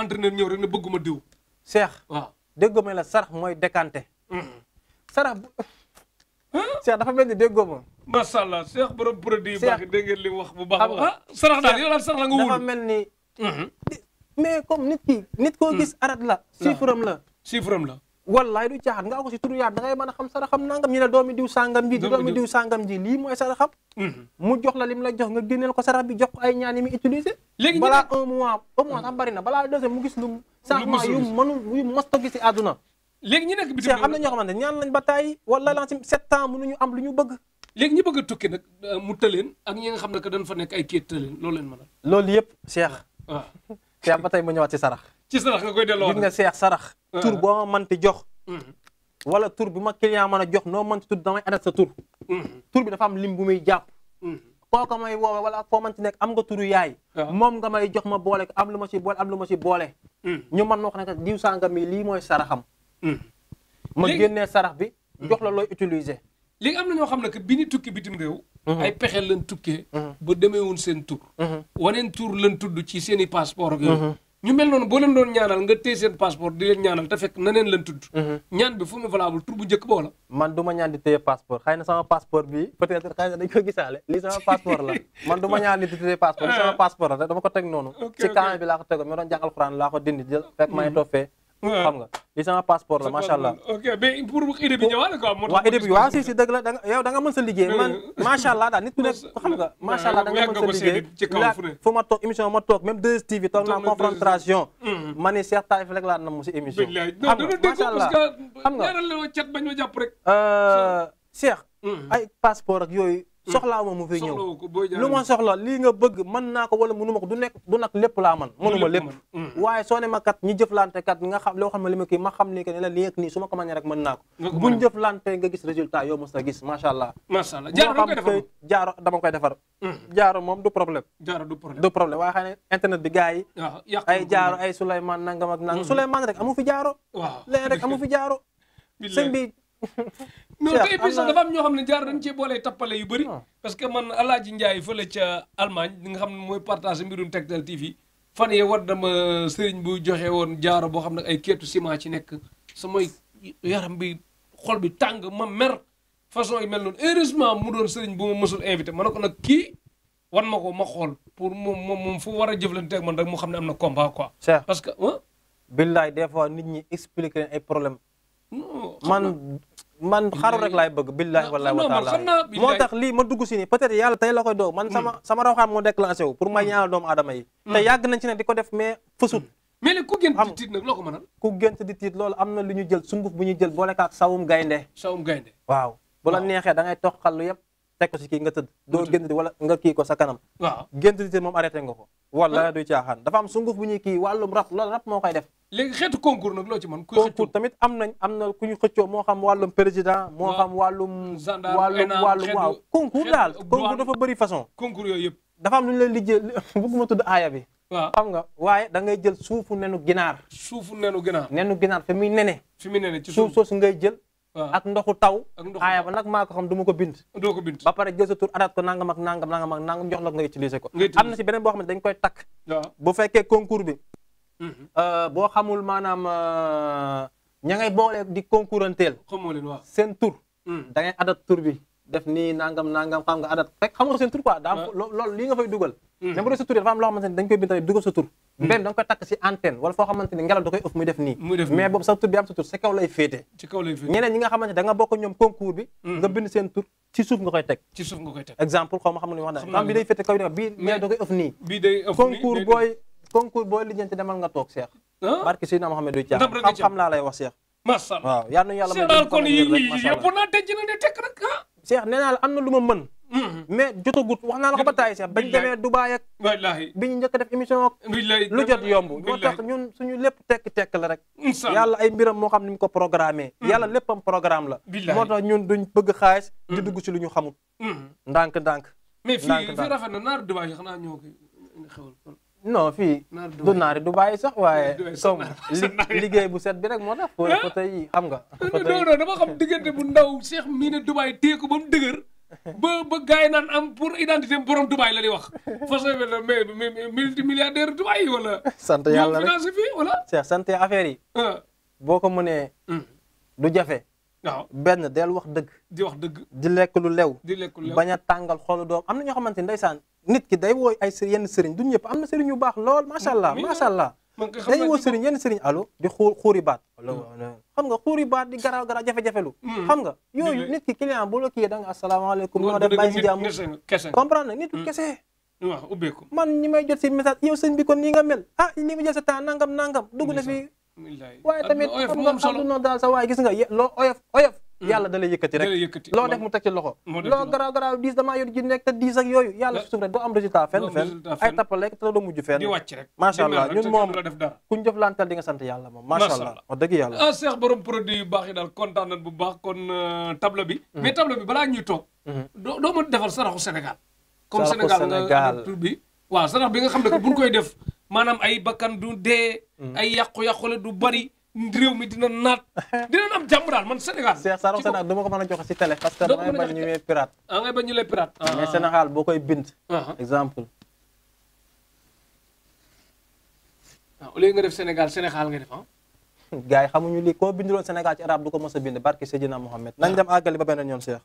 entraîneur ñëw rek ne bëgguma diw seex waaw déggoo ma la sarax mooy décanté mm. sarax bu seex dafa mel ni déggoo ma macha allah Cheikh borom produit ba dégg ngeen li wax bu baax. Ah, ah, sarax daal yow daal sarax la nga wóolu dafa mel ni. Mhm. mais comme nit ki nit koo gis mm. arat la. Ah. chiffre am la chiffre am la. wallaay du caaxaan nga ko si turu yaat da ngay mën a xam saraxam nangam ne doomi diw sangam ji. Mhm. mu jox la lim la jox nga génneel ko sarax bi jox ko ay ñaan yi muy utiliser. balaa un mois un mois sax bari na balaa deux mu gis lu. lu mos yu mënu yu mos a gis si àdduna. léegi ñi nekk bitim réew am na ñoo xamante ñaan lañ ba tàyyi wala lan si sept ans mënuñu am lu ñu bëgg léegi ñi bëgg a tukki nag euh, mu tëleen ak ñi nga xam ne ka dañ fa nekk ay kii tëleen loolu leen mën loolu yëpp ah. seex waaw ba tey ma ñëwaat ci sarax. ci sarax nga koy delloo gis nga Cheikh sarax. Ah. tur boo ma mënti jox. Mm-hmm. wala tur bi ma client mën a jox noo mënti tudd damay adat sa tur. Mm-hmm. tur bi dafa am lim bu jàpp. Mm-hmm. koo ko may woowee wala foo mënti nekk am nga turu ah. moom nga may jox ma boole am lu ma ci boole am lu ma ci boole. Mm. ñu mën noo xam ne diw sàngam mi lii mooy saraxam. Mm. ma génnee sarax bi mm. jox la looy léegi am na ñoo xam ne que bi ñu tukki bitim réew. Mhm. ay pexe lan tukkee. Mhm. ba demeewul seen tur. Mhm. waneen tur lan tudd ci seen i passeport ak ñu mel noonu boo leen doon ñaanal nga téye seen passeport di leen ñaanal te fekk na neen leen tudd. ñaan bi fu mu valable tur bu njëkk boo la. man du ma ñaan di téye passeport xëy na sama passeport bi peut-être xëy na dañu ko gisaale lii sama passeport la man du ma ñaan ko teg noonu. si kaan bi laa ko tegoon ma doon jàngal Alxuraan laa ko dindi fekk maa ngi toog fee xam nga li sama passeport la macha allah. ok mais pour bi ñëwaat quoi. moo tax waaw si si dëgg la da nga yow da nga mën sa liggéey. man macha allah daal nit ku nekk mën sa liggéey fu ma toog émission ma toog même 2STV toog naa confrontation. Mm-hmm. ma ne Cheikh Taïf laa nam si émission. xam allah xam nga ñaareel euh, mm. ay passeport ak yooyu. soxlaa ma mu fi ñëw lu ma soxla lii nga bëgg mën naa ko wala mënu ma ko du nekk du laa man mënu ma lépp mm. waaye soo ne ma kat ñi jëflante kat nga xam loo ma xam ni que la nii su ma ko mënee rek mën naa ko buñ jëflante nga gis résultat yoo mos a gis macha allah macha allah jaaro dama koy defar mm. jaaro moom du problème du problème waaye xëy internet bi gars yi ah, ay jaaro ay Souleymane nangam ak nangam mm. Souleymane rek amu fi jaaro leen rek amu fi jaaro sëñ non te et puis sax ñoo xam ne jaar dañ cee boolee tappale yu bëri. Ah. parce que man Alaaji Njaay fële ca Allemagne li nga xam ne mooy partagé mbirum Tektal TV fan yee war dama sëriñ bu joxe woon jaaro boo xam ne ay keetu ciment ci nekk samay yaram bi xol bi tàng ma mer façon yi mel noonu heureusement mu doon sëriñ bu ma mësul invité ma ne ko nag kii wan ma ko ma xool pour moom moom moom fu war a jëflanteeg man rek moo xam ne am na combat quoi. parce que. billaay des fois nit ñi expliqué ay problème man man xaru rek laay bëgg billahi wallahi wa taala moo tax lii ma dugg si ni peut-être yàlla tey la koy doo man sama sama rawxaan moo déclenché wu pour may hmm. ñaanal doom aadama yi hmm. te yàgg nañ ne di ko def mais fësut hmm. mais léegi ku gént di tiit nag loo ko mënal ku gént di tiit loolu am na lu ñu jël sunguf bu ñu jël boole kaak sawum gaynde sawum gaynde waaw bu la neexee da ngay toqal yëpp teg si kii nga tëdd doo gént di wala nga kii ko sa kanam waaw gént di tëdd moom arrêté nga ko wala ah. duy caaxaan dafa am sunguf bu ñuy kii wàllum rab loolu rab moo koy def léegi xeetu konkuur nag loo ci mën concours tamit am nañ am na ku ñu xëccoo moo xam wàllum président moo xam wàllum wàllum wàllum waaw concours daal concours dafa bëri façon concours yooyu yëpp dafa am lu ñu lay lijjee bëgguma tudd aaya bi waaw nga waaye da ngay jël suufu nenu ginaar suufu nenu ginaar nenu ginaar fi muy nene fi muy nene ci suuf soosu ngay jël ak ndoxu taw aaya ba nag maa ko xam du ma ko bind doo ko bind ba pare jël tur adat ko nangam ak nangam nangam ak jox la nga utiliser ko am na si beneen boo xam ne dañ koy takk bu fekkee concours bi mhm. euh, boo xamul maanaam euh, ña ngay boole di concurrenteel seen tur mhm. da ngay tur bi def nii nangam nangam xam nga adat rek xam nga seen tur quoi lool loolu li nga fay dugal Hmm. même bu dee sa tur dafa am loo xamante ni dañ koy bind tamit dugal sa tur hmm. benn da nga koy takk si antenne wala foo xamante ni ngelaw da koy ëf muy def nii mais boobu sa tur bi am sa tur sa kaw lay féete ñeneen ñi nga xamante da nga bokk ñoom concours bi hmm. nga bind seen tur ci suuf nga koy teg ci suuf nga koy teg exemple xaw ma xam na wax na am bi day féete kaw bi mais da koy ëf nii concours booy concours booy lijjanti demal nga toog seex ah? barke si na ma xam ne du caax xam-xam laa lay wax seex masha Allah waaw yal na yàlla kon yi yëpp naa tëj na ne tekk rek ah. seex nee naa la am na lu ma mën Mm-hmm. mais jotagut wax naa la ko ba taay sax bañ demee Dubaay ak wallaahi bi ñu njëkk def émission ak lu jot yomb moo tax ñun suñu lépp tekk-tekk la rek yàlla ay mbiram moo xam ni mu ko programmé mm-hmm. yàlla léppam programme la moo tax ñun duñ bëgg xaalis di mm-hmm. dugg ci lu ñu xamul ndànk ndànk mais fii fii rafet na naar Dubaay xanaa ñoo ko non fii du naari Dubaay sax waaye som liggéey bu set bi rek moo tax fa tey xam nga non non dama xam diggante bu ndaw Cheikh mii ne Dubaay téye ko ba mu dëgër ba ba gars yi naan am pour identité am borom Dubaay la di wax façon bi la mais mais multi milliardaire Dubaay yi wala. sant yàlla rek financé fii wala. Cheikh sant affaire ah. boo ko mënee. Hmm. du jafe. waaw benn del wax dëgg. di wax dëgg. di lekk lu lew. di lekk lu lew a tàngal xolu doom am na ñoo xamante ni ndeysaan nit ki day wooy ay yenn sëriñ du ñëpp am na sëriñ yu baax lool macha allah macha allah. dañuy woo sëriñ yenn sëriñ alo di xuur xuuri baat hmm. xam nga xuuri baat di garaaw garaaw jafe-jafelu hmm. xam nga yooyu nit ki client bu la kii da nga asalaamaaleykum noo def bàyyi si jàmm comprendre na nit ku hmm. kese waaw ubbeeku man ñi may jot si message yow sëñ bi kon nii nga mel ah li mu jël sa temps nangam nangam dugg na fi waaye tamit xam nga xam du daal sa waaye gis nga loo oyof oyof Mm. yàlla da lay yëkkati rek loo def mu tekki loxo loo garaaw garaaw diis damaa yor ji nekk te diis ak yooyu yàlla suuf rek doo am résultat fenn fenn ay tappaleeg te doo mujj fenn macha allah ñun moom kuñ jëflanteel di nga sant yàlla moom macha allah wax dëgg yàlla ah, euh, mm-hmm. bi balaa ñuy mm-hmm. doo ma defal saraxu Sénégal comme Sénégal nga tur bi waaw sarax bi nga xam ne buñ koy def maanaam ay bakkan du dee mm-hmm. ay yàqu-yàqule du bari réew mi dina naat dina am jàmm daal man Sénégal. Cheikh Sarr Sénégal du ko mën a joxe si télé. parce que damay ah, bañ ñu lay pirate. ah ngay ñu lay pirate. mais Sénégal boo koy bind. Ah. exemple. waaw ah, au lieu nga def Sénégal Sénégal nga def ah. gars yi xamuñu lii koo binduloon Sénégal ci arabe du ko mos a bind barke Seydina Mohamed. nañ dem àggali ba beneen yoon Cheikh.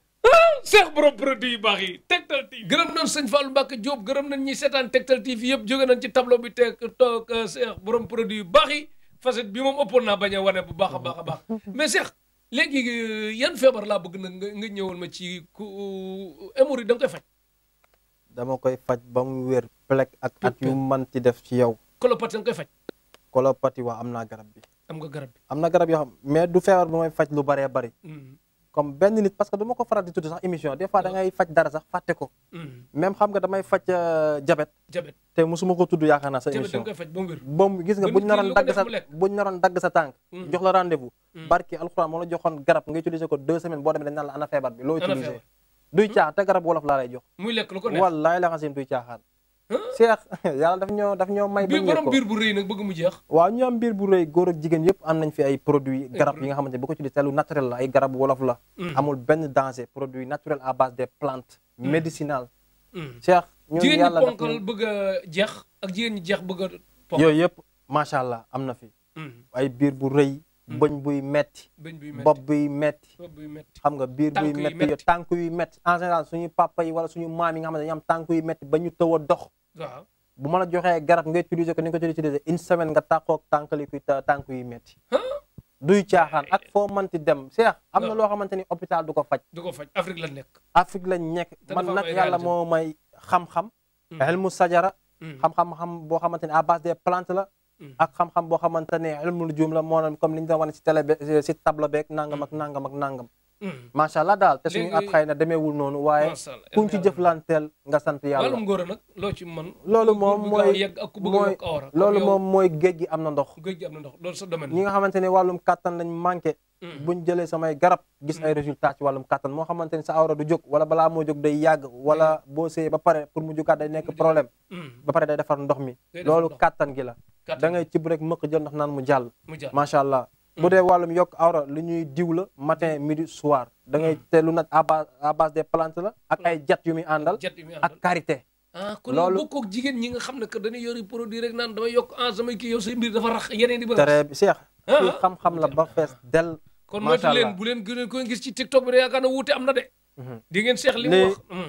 Cheikh borom produit yu baax yi Tektal TV. gërëm nañ sëñ Fallou Mbacke Diop gërëm nañ ñi seetaan Tektal TV yëpp joge nañ ci tableau bi teg toog Cheikh produit yu baax yi facette bi moom ëppoon naa bañ a wane bu baax a baax a baax mais Cheikh léegi euh, yan feebar laa bëgg na nga ñëwal ma ci ku euh, hémorroïde da nga koy faj. dama koy faj ba mu wér plaque ak at yu mën ci def ci yow. colopathie da nga koy faj. colopathie waa am naa garab bi. am nga garab am na garab yoo xam mais du feebar bu may faj lu baree bari. Mm-hmm. comme benn nit parce que du ko faral di tudd sax émission des fois da ngay faj dara sax fàtte ko. Hmm. même xam nga damay faj euh, jabet. te mosuma ko tudd yaakaar naa sa émission. ba gis nga bu ñu dagg sa tànk. Hmm. jox la rendez vous. Hmm. alxuraan moo la joxoon garab nga utiliser ko deux semaines boo demee dañ naan la ana feebar bi loo utiliser. duy caax te garab wolof laa lay jox. muy lekk duy caaxaan. Cheikh yàlla daf ñoo daf ñoo may. bañ biir bu rëy nag bëgg mu jeex. waaw ñu am biir bu rëy góor ak jigéen yëpp am nañ fi ay produits garab yi nga xamante ne bu ko ci di telu naturel la ay garab wolof la. Mm. amul benn danger produit naturel à base des plantes. Mm. médicinal. Mm. Cheikh ñun yàlla daf ñu bëgg jeex ak jigéen ñi jeex bëgg a. yooyu yëpp macha allah am na fi. ay biir bu rëy. Hmm. bëñ buy metti bopp buy metti xam nga biir buy metti tànk yuy metti en général suñu papa yi wala suñu maam yi nga xam ne dañu tànk yuy metti ba ñu tëw a dox bu ma a joxee garab nga utiliser ko ni nga ko utiliser une semaine nga tàqoog tànkali kuy tànk yuy metti duy caaxaan ak foo mënti dem seex am na loo xamante ni hôpital du ko faj du ko faj Afrique la nekk Afrique lañ nekk man nag yàlla moo may xam-xam xel hmm. mu sajara xam hmm. xam boo xamante ne à base des la ak xam-xam boo xamante ne ilmul nujum la moo comme ni ñu doon wane si télé si table beeg nangam ak nangam ak nangam. Mm-hmm. macha allah daal te suñu at xëy na demeewul noonu waaye kuñ ci jëflanteel nga sant yàlla loolu moom mooy géej gi am na ndox géej gi am na ndox sa domaine ñi nga xamante ne wàllum kàttan lañ manqué mm-hmm. buñ jëlee samay garab gis ay mm-hmm. résultat ci wàllum kàttan moo xamante ne sa awra du jóg wala balaa moo jóg day yàgg wala boo seey ba pare pour mu jógaat day nekk problème ba pare day defar ndox la da ngay cib rek mëq jël ndax naan mu jàll macha allah bu mm. dee wàllum yokk awra lu ñuy diw matin mm. midi soir da ngay mm. te lu nag à base à base des plantes la ak ay jat yu muy àndal ak karité ah kon bokkoog jigéen ñi nga xam ne que dañuy yori produit rek naan damay yokk en ah, samay kii yow say mbir dafa rax yeneen di ba très bien Cheikh ah, xam-xam la ah. ba fees del kon moytu leen bu leen gën ko gis ci TikTok bi de yaakaar na wuute am na de mhm.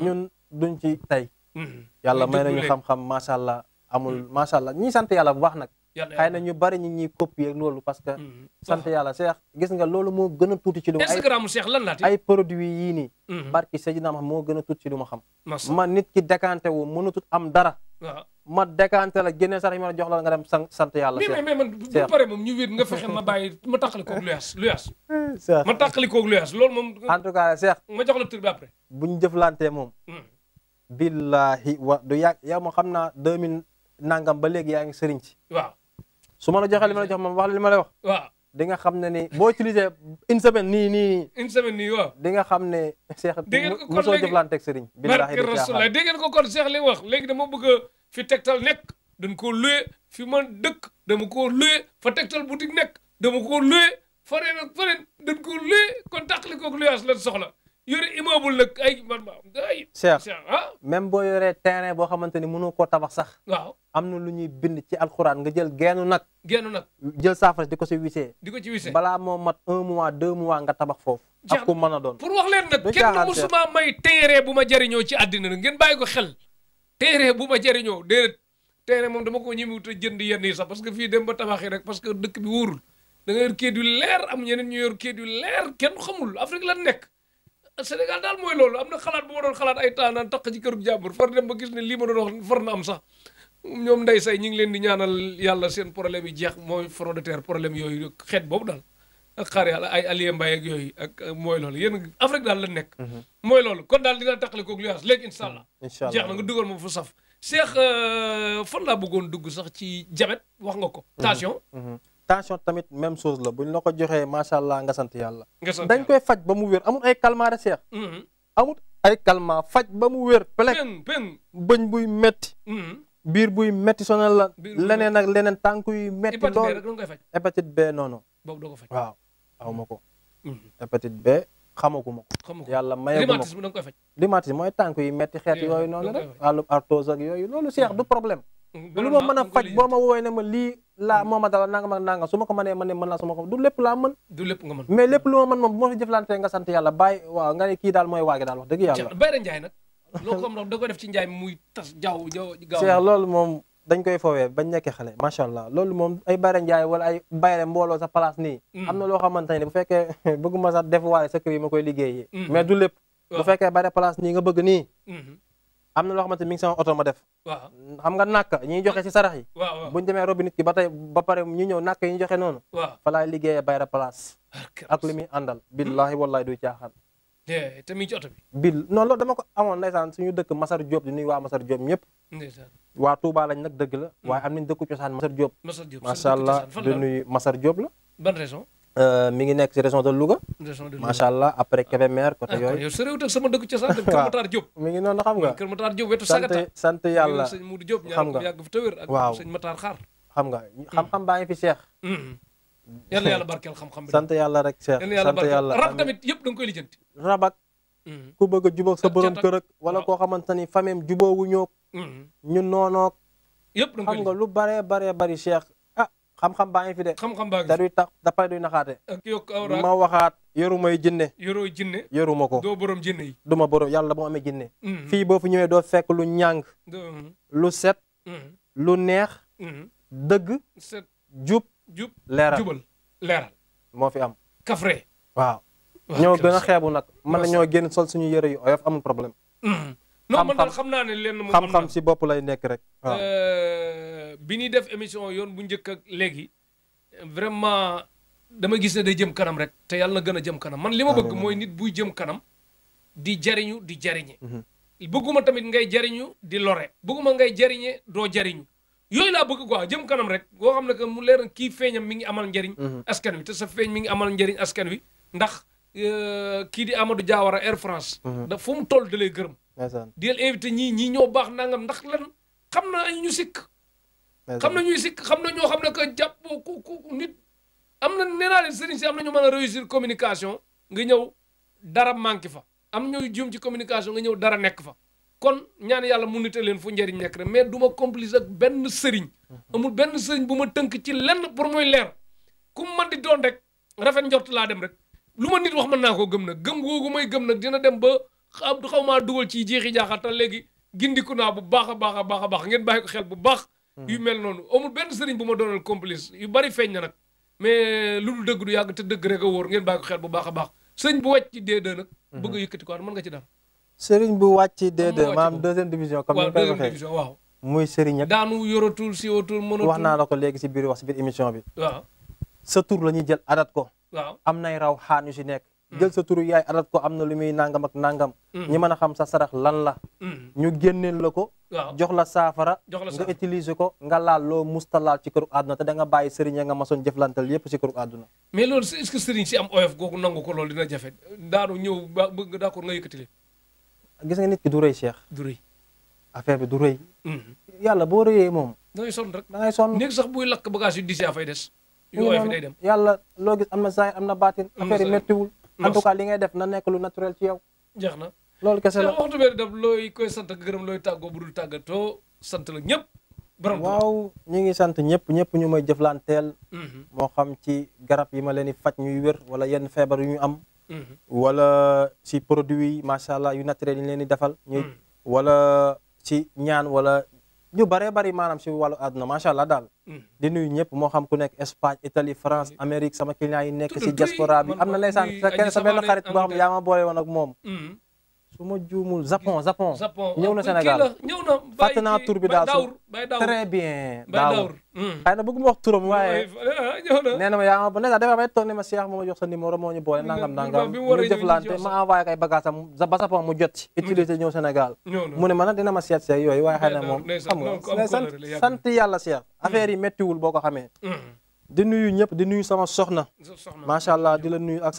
ñun duñ ci tey yàlla may nañu xam-xam macha amul macha allah ñi sant yàlla bu baax nag. xëy na ñu bari ñi ñuy copier loolu parce que. Hmm. sant yàlla Cheikh gis nga loolu moo gën tuuti ci lu. Instagram hmm. ma ma xam. ma nit ki décanté wu mënatut am dara. ma décanté la génne sax ma jox la nga dem sant sant yàlla. Cheikh mais mais man bu paree moom ñu wéet nga fexe ma bàyyi ma ma tàqali koog luyaas loolu moom. en tout cas Cheikh. jox la tur après. bu ñu moom. Hmm. billaahi wa du yàgg yow ma xam naa 2000 nangam ba léegi yaa ngi sëriñ ci. waaw su ma la joxee li ma la jox moom wax la li ma lay wax. waaw di nga xam ne ni boo utilisé une semaine nii nii. une semaine nii waaw. di nga xam ne. seex mosoo jëflanteeg sëriñ. barke Rasulullah dégg ngeen ko kon seex li wax léegi dama bëgg a fi tegtal nekk. dañ koo luye fi man dëkk dama koo luye fa tegtal boutique nekk dama koo luye fareen ak fareen dañ koo luye kon tàqali koog luyaas lan soxla. yore immeuble nag ay man ma ay. Cheikh ah. même boo yoree terrain boo xamante ni mënoo koo tabax sax. waaw am na lu ñuy bind ci alxuraan nga jël geenu nag. geenu nag jël saafara di ko si wisee. di ko ci wisee balaa moo mat un mois deux mois nga tabax foofu. ak ku mën a doon pour wax leen nag kenn musuma may tere bu ma jariñoo ci àddina nag ngeen bàyyi ko xel. tere bu ma jariñoo déedéet terrain moom dama ko ñëwut a jënd yenn yi sax parce que fii dem ba tabaxee rek parce que dëkk bi wóorul da nga yor kéet yu leer am ñeneen ñu yor kéet yu leer kenn xamul Afrique la nekk Sénégal daal mooy loolu am na xalaat bu ma doon xalaat ay temps naan taq ci kërug jàmbur far dem ba gis ne doon far na am sax ñoom nday say ñu ngi leen di ñaanal yàlla seen problème yi jeex mooy front de problème yooyu xeet boobu daal ak xaar yàlla ay Aliou Mbaye ak yooyu ak mooy loolu yéen Afrique daal la nekk mhm. mooy loolu kon daal dina taqale koog liaas léegi mhm. incha allah jeex na nga dugal moom fu saf seex euh, fan laa bëggoon dugg sax ci jabet wax nga ko mhm. tension tension tamit même chose la buñ la ko joxee macha allah nga yàlla. dañ koy faj ba mu wér amul ay calmants de seex. Mm-hmm. amul ay calmants faj ba mu wér. pelek bëñ buy metti mm-hmm. biir buy metti sonal la. leneen ak leneen tànk yu metti lool hépatite B non non. boobu doo ko faj waaw xawma ko. Mm-hmm. hépatite B xamaguma ko. yàlla mayaguma ko rhumatisme da nga koy faj. rhumatisme mooy tànk yu metti xeet yooyu noonu rek. wàllu arthrose yooyu loolu seex du problème. lu ma mën a faj boo ma woowee ne ma lii laa moo ma dala nangam ak nangam su ma ko mënee ma ne mën naa su ma ko du lépp laa mën du lépp nga mën mais lépp lu ma mën moom ma fi jëflantee da ko def ci njaay muy tas jaww jaww gaaw Cheikh loolu moom dañ koy foowee bañ nekkee xale macha allah loolu moom ay Bayra Njaay wala ay Bayra mbooloo sa place nii mm. am na loo xamante bu fekkee bëgguma sax def waaye sa kër yi ma koy liggéeyee mm. mais du lépp bu fekkee Bayra place nii nga bëgg nii mm-hmm. am na loo xamante mi ngi sama oto ma def xam nga nàkk ñuy joxe si sarax bu buñu demee robi nit ki ba tey ba pare ñu ñëw nàkk yi ñu joxe noonu fa laay liggéeyee bayra place ak li muy àndal billaahi wallaahi du caaxaan te mi ci oto bi noonu loolu dama ko amoon ndeysaan suñu dëkk Masar Diop di nuyu waa Masar Diop ñëpp waa Touba lañ nag dëgg la hmm. waaye am nañ dëkku cosaan Masar Diop macha allah du nuyu Masar Diop la ban raison Eh, mi ngi nekk si région de Louga. région de Louga allah après Kébémer ah, côté yooyu. sa réew tam sama dëkk cosaan dem Kër Matar Diop. mi ngi noonu xam nga Kër Matar Diop wetu Sagata sant sant yàlla sëñ xam nga yàgg fi tawér ak sëñ Matar Xaar xam mm. mm. rek Cheikh sant yàlla rab tamit yëpp da nga koy lijjanti rab mm. ku bëgg a jubóog sa borom kër ak wala koo xamante ni famem jubóowu ñoog ñu noonoog yëpp xam nga lu baree baree bari Cheikh xam-xam baa ngi fi de. da duy tax dafay duy naxaate. ak yokk awra ma waxaat. yorumay jinne. yoroo jinne. yoruma ko doo borom jinne yàlla boo amee jinne. Mm-hmm. fii boo fi ñëwee doo fekk lu ñàng. Mm-hmm. lu set. Mm-hmm. lu neex. dëgg. set jub. jub leeral jubal leeral. moo fi am. kafre. waaw ñoo gën a xeebu nag. mën nañoo génn sol suñu yëre yu oyof problème. xam xam si bopp lay nekk rek bi ñuy def émission yoon bu njëkk ak léegi vraiment dama gis ne day jëm kanam rek te yàlla na gën a jëm kanam man li ma bëgg mooy nit buy jëm kanam di jariñu di jariñe mhm. bëgguma tamit ngay jariñu di lore ma ngay jariñe doo jariñu yooyu laa bëgg quoi jëm kanam rek boo xam ne que mu leer kii feeñam mi ngi amal njariñ mhm. askan wi te sa feeñ mi ngi amal njariñ askan wi ndax euh, kii di Amadou Diawara Air France mhm. da fu mu toll da lay gërëm di leen invité ñii ñii ñoo baax ndax na ñu xam na ñuy sikk xam na ñoo xam ne que jàpp ku ku nit am na nee naa leen sëriñ si am na ñu mën a réussir communication nga ñëw dara manqué fa am na ñooy juum ci communication nga ñëw dara nekk fa kon ñaan yàlla mu nite leen fu njëriñ nekk rek mais du ma complice benn sëriñ mhm. amu benn sëriñ bu ma tënk ci lenn pour muy leer ku man di doon rek rafet njort laa dem rek lu ma nit wax mën naa ko gëm na gëm googu may gëm nag dina dem ba xaw maa dugal ci jeexi jaaxal te léegi gindiku naa bu baax a baax a baax a baax ngeen bàyyi xel bu baax Mhm. yu mel noonu amul benn sëriñ bu ma doonal complice yu bari feeñ na nag mais lu dul dëgg du yàgg te dëgg rek a ngeen bàyyi ko xel bu baax a baax sëriñ bu wàcc ci D2 nag. Mhm. bëgg a yëkkati ko mën nga ci dara. sëriñ bu wàcc ci D2 maanaam deuxième division. comme ni nga koy waxee division waaw. muy sëriñ ak daanu yoratul siiwatul mënatul. wax naa la ko léegi si biir wax si biir émission bi. waaw sa tur la ñuy jël adat ko. waaw am nay raw xaan yu si nekk jël sa turu yaay adat ko am na lu muy nangam ak nangam. Mm. ñi mën a xam sa sarax lan la. Mm. ñu génneel la ko. jox la saafara. nga utiliser ko nga laal loo musta laal ci këru àdduna te da nga bàyyi sëriñ ya nga masoon jëflantal yépp ci këru àdduna. mais loolu est-ce que sëriñ si am oyof googu nangu ko loolu dina jafe daanu bi du rëy. Mm. yàlla boo rëyee moom. da ngay sonn rek da ngay sonn néeg sax buy lakk bagage yu diis yaa fay des. yooyu fi day dem yàlla loo gis am na zaahir am na baatin affaire yi en li ngay def na nekk lu naturel ci yow. jeex na loolu kese la waxtu bi def looy koy sant ak gërëm looy tàggoo bu dul tàggatoo sant la ñu ngi sant ñëpp ñëpp ñu may jëflanteel. Mhm. moo xam ci garab yi ma leen di faj ñuy wér wala yenn feebar yu ñu am. Mhm. wala ci produit yi macha yu naturel yi ñu leen di defal. ñuy mhm. wala ci ñaan wala. ñu baree bari maanaam si wàllu àdduna macha allah daal. Mm. di nuyu ñëpp moo xam ku nekk Espagne Italie France Amérique sama client yi nekk si diaspora am na laysaan sa sa benn xarit boo xam ma boole woon ak moom. Mm. su ma juumul Japon Japon. ñëw na Sénégal ñëw na fàtte naa tur bi daal très bien. Daawur xëy na bëgguma wax turam waaye. Ah, nee na ma yaa ma ba ne sax a may toog ne ma Cheikh ma ma jox sa numéro moo ñu boole nangam nangam ñu jëflante ma envoyé kay bagage am ba Japon mu jot ci. utiliser ñëw Sénégal. mu ne ma nag dina ma seet seeg yooyu waaye xëy na moom. xam nga sant sant yàlla Cheikh. Hmm. affaire yi méttiwul boo hmm. di nuyu ñëpp di nuyu sama soxna. macha allah di la nuyu ak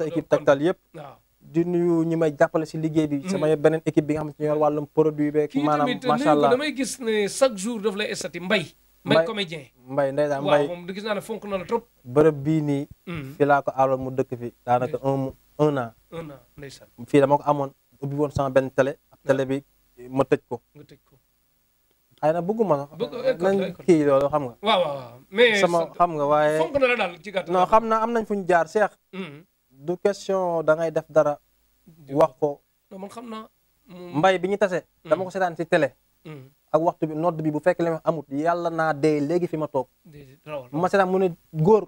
di nuyu ñi may jàppale si liggéey bi. Mm. sama beneen équipe bi nga xam ne ñoo wàllum produit beeg. maanaam macha allah kii tamit damay gis ne chaque jour daf lay estati mbay. mbay comédien mbay ndeysaan la trop. bërëb bii nii. Mm. fii laa ko aaloon mu dëkk fi daanaka un un an. un an ndeysaan fii dama bi ma tëj ko. nga tëj ko. xëy na bëgguma sax. nañ kii loolu xam nga. waaw waaw mais sama xam nga waaye. fonk na xam naa am nañ fu ñu jaar seex. du question da ngay def dara. wax ko. man xam naa. mbay bi ñu tase. Mm. dama ko seetaan ci télé. Mm. ak waxtu bi nodd bi bu fekk la ma amut yàlla naa dee léegi fi ma toog. ma seetaan mu ne góor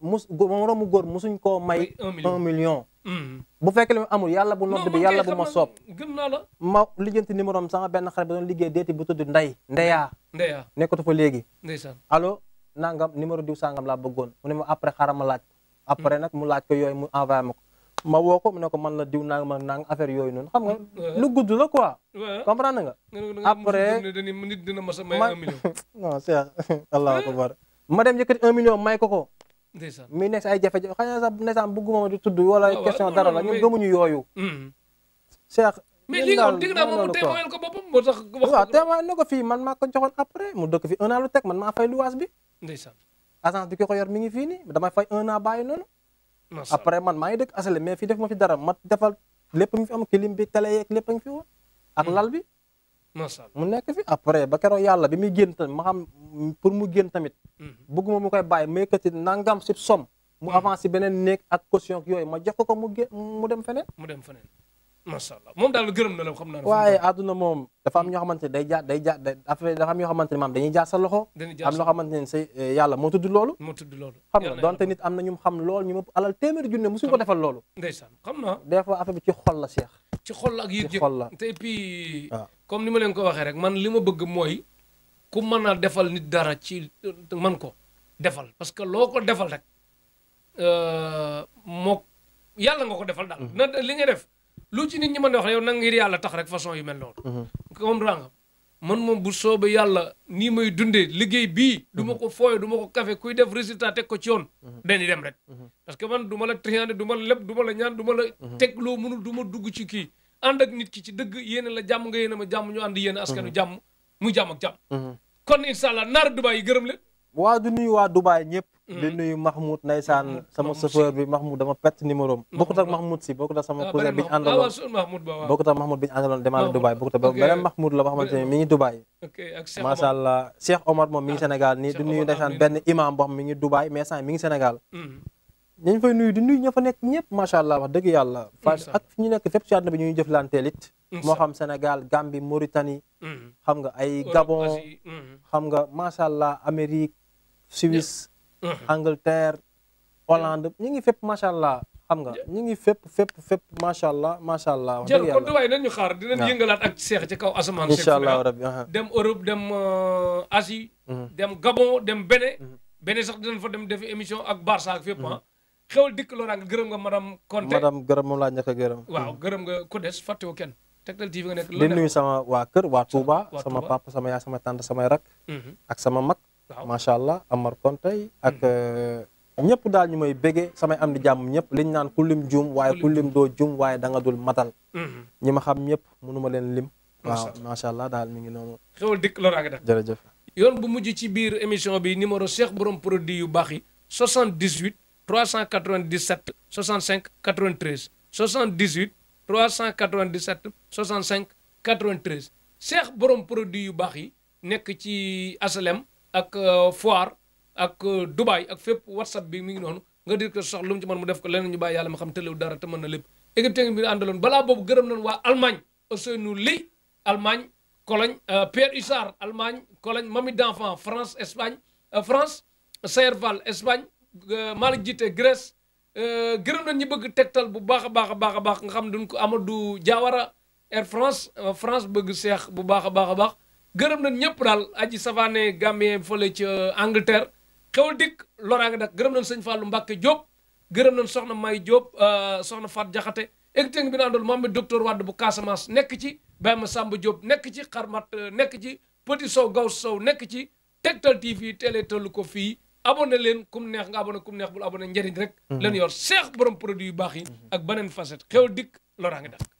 mu moromu góor musuñ koo may. un million mm. bu fekk li ma amul yàlla bu nodd bi yàlla bu ma soob. gëm naa la ma lijjanti numéro am sama benn xarit ba doon liggéey deeti bu tudd Ndey. Ndeya nekkatu fa léegi. aloo allo nangam numéro diw sangam laa bëggoon mu ne ma après xaaral ma laaj. après nag mu laaj ko yooyu mu envoyé ma ko ma woo ko mu ne ko man la diw naa ma naa affaire yooyu noonu xam nga lu gudd la quoi. comprendre nga. après nit dina mos a may un million. non Cheikh allahu akbar ma dem yëkkati un million may ko ko. ndeysaan mi nekk ay jafe-jafe xanaa sax ndeysaan bëgguma di tudd wala ah, question dara la ñun gëmuñu yooyu. Hmm. Cheikh. mais li nga dégg naa moom mu témoin ko boppam moo tax. wax waaw témoin na ko fii man maa ko joxoon mu dëkk fi an lu teg man maa fay luwaas bi. agence bi ki ko yor mi ngi fii ni dama fay un an bàyyi noonu après man maa ngi dëkk asale mais fi def ma fi dara ma defal lépp mu fi am clim bi télé yeeg lépp a ngi fi woon ak hmm. lal bi mu nekk fi après ba keroog yàlla bi muy génn tamit ma xam pour mu génn tamit hmm. bëgguma mu koy bàyyi ma yëkkati nangam si somme mu hmm. avancé beneen néeg ak caution yooyu ma jox ko ko mu gé mu dem feneen macha allah moom daal gërëm na la xam naa. waaye àdduna moom hmm. dafa am ñoo xamante ne day jaar day jaar affaire dafa am ñoo xamante ne maam dañuy jaar sa loxo. am loo xamante ne say eh, yàlla moo tudd loolu. moo tudd loolu xam nga donte nit am na ñu xam lool ñu ma alal téeméeri junne musuñu ko defal loolu. ndeysaan xam naa. des fois affaire bi ci xol la seex. ci xol la ak yëg yëg te et puis. Ah. comme ni ma leen ko waxee rek man li ma bëgg mooy ku mën a defal nit dara ci man ko defal parce que loo ko defal rek euh, moo yàlla nga ko defal daal. Mm-hmm. li nga def lu ci nit ñi mën di wax yow nag ngir yàlla tax rek façon yu mel noonu. Mhm. comprendre nga moom bu soobee yàlla nii may dundee liggéey bii. duma mhm. ko fooyee duma ko kafe kuy def résultat teg ko ci yoon. Mhm. dañuy dem rek. parce que man du ma la triané du la lépp du ma la ñaan duma la. teg loo duma du dugg ci kii. ànd ak nit ki ci dëgg yéen la jàmm nga yéen ma jàmm ñu ànd yéen askanu jàmm muy jàmm ak jàmm. kon incha naar Dubaay yi gërëm leen. waa du nuyu waa Dubaay ñëpp. Mm-hmm. di nuyu Mahmoud Ndeysaan mm-hmm. sama chauffeur bi Mahmoud dama perte numéro am. bokkut ak mm-hmm. Mahmoud si bokkut ak sama ah, cousin bi ñu àndaloon ah, bokkut ak Mahmoud bi ñu àndaloon demaale Dubaay bokkut ak beneen Mahmoud la boo xamante ne mi ngi Dubaay. macha allah Cheikh Omar moom mi ngi ah, Sénégal nii du nuyu Ndeysaan benn imam boo xam mi ngi Dubaay mais di nuyu ña fa nekk ñëpp macha allah wax dëgg yàlla. ak fi ñu nekk fépp ci àdduna bi ñuy jëflanteel it. moo xam nga ay Gabon. xam Suisse uh-huh. Angleterre Hollande ñu ngi fépp macha allah xam nga ñu ngi fépp fépp fépp macha allah macha allah. wax dëgg yàlla kon Dubaay nañu xaar dinañ ak seex ci kaw asamaan. incha allah rabbi uh-huh. dem Europe dem uh, Asie. Uh-huh. dem Gabon dem Bénin. bene sax dinañ fa dem def émission ak Barça ak fépp ah. xewal dikk loraange gërëm nga madame Conté madame gërëm moom laa ñàkk gërëm. waaw gërëm nga ko des fàttewu kenn. Tektal TV nga nekk di nuyu sama waa kër waa Touba. sama papa sama yaay sama tante samay rak. ak sama mag. macha allah Amar Kontey ak hmm. euh, ñëpp daal ñu may béggee samay am di jàmm ñëpp liñ naan ku lim juum waaye ku lim doo juum waaye danga nga dul matal hmm. ñi ma xam ñëpp mënuma leen lim waaw macha allah daal mi ngi noonu xewal dikk loolu yoon bu mujj ci biir émission bi numéro Cheikh borom produit yu baax yi 78 397 65 93 78 397 65 93 Cheikh borom produit yu baax yi nekk ci asalem ak euh, foire ak euh, Dubaay ak fépp whatsapp bi mi ngi noonu nga dir ko sax lu mu ci mën mu def ko leneen ñu bàyyi yàlla ma xam tëlew dara te mën na lépp équipe technique bi àndaloon balaa boobu gërëm nañ waa Allemagne Ousseynou Ly Allemagne Cologne euh, Pierre Hussard Allemagne Cologne Mami d'enfant France Espagne France Serval Espagne Malick Jité Grèce gërëm nañ ñi bëgg tegtal bu baax a baax a baax a baax nga xam duñ ko Amadou Diawara Air France France bëgg seex bu baax a baax a baax gërëm nañ ñëpp daal aji savané Gambien fële ca Angleterre xewal dikk loraange dak gërëm nañ sëñ Fallou mbake Diop gërëm nañ soxna May Diop euh, soxna Fat Jaxate écteng bi na andoon Mohamed docteur Wade bu Casamance nekk ci Bayma Samba Diop nekk ci xarmat euh, nekk ci Petit Sow Gaw Sow nekk ci Tektal TV télé tollu ko fii abonné leen kum neex nga abonné kum neex bul abonné njëriñ rek mhm. leen yor seex borom produit yu baax yi mhm. ak beneen facette xew dikk loraange dak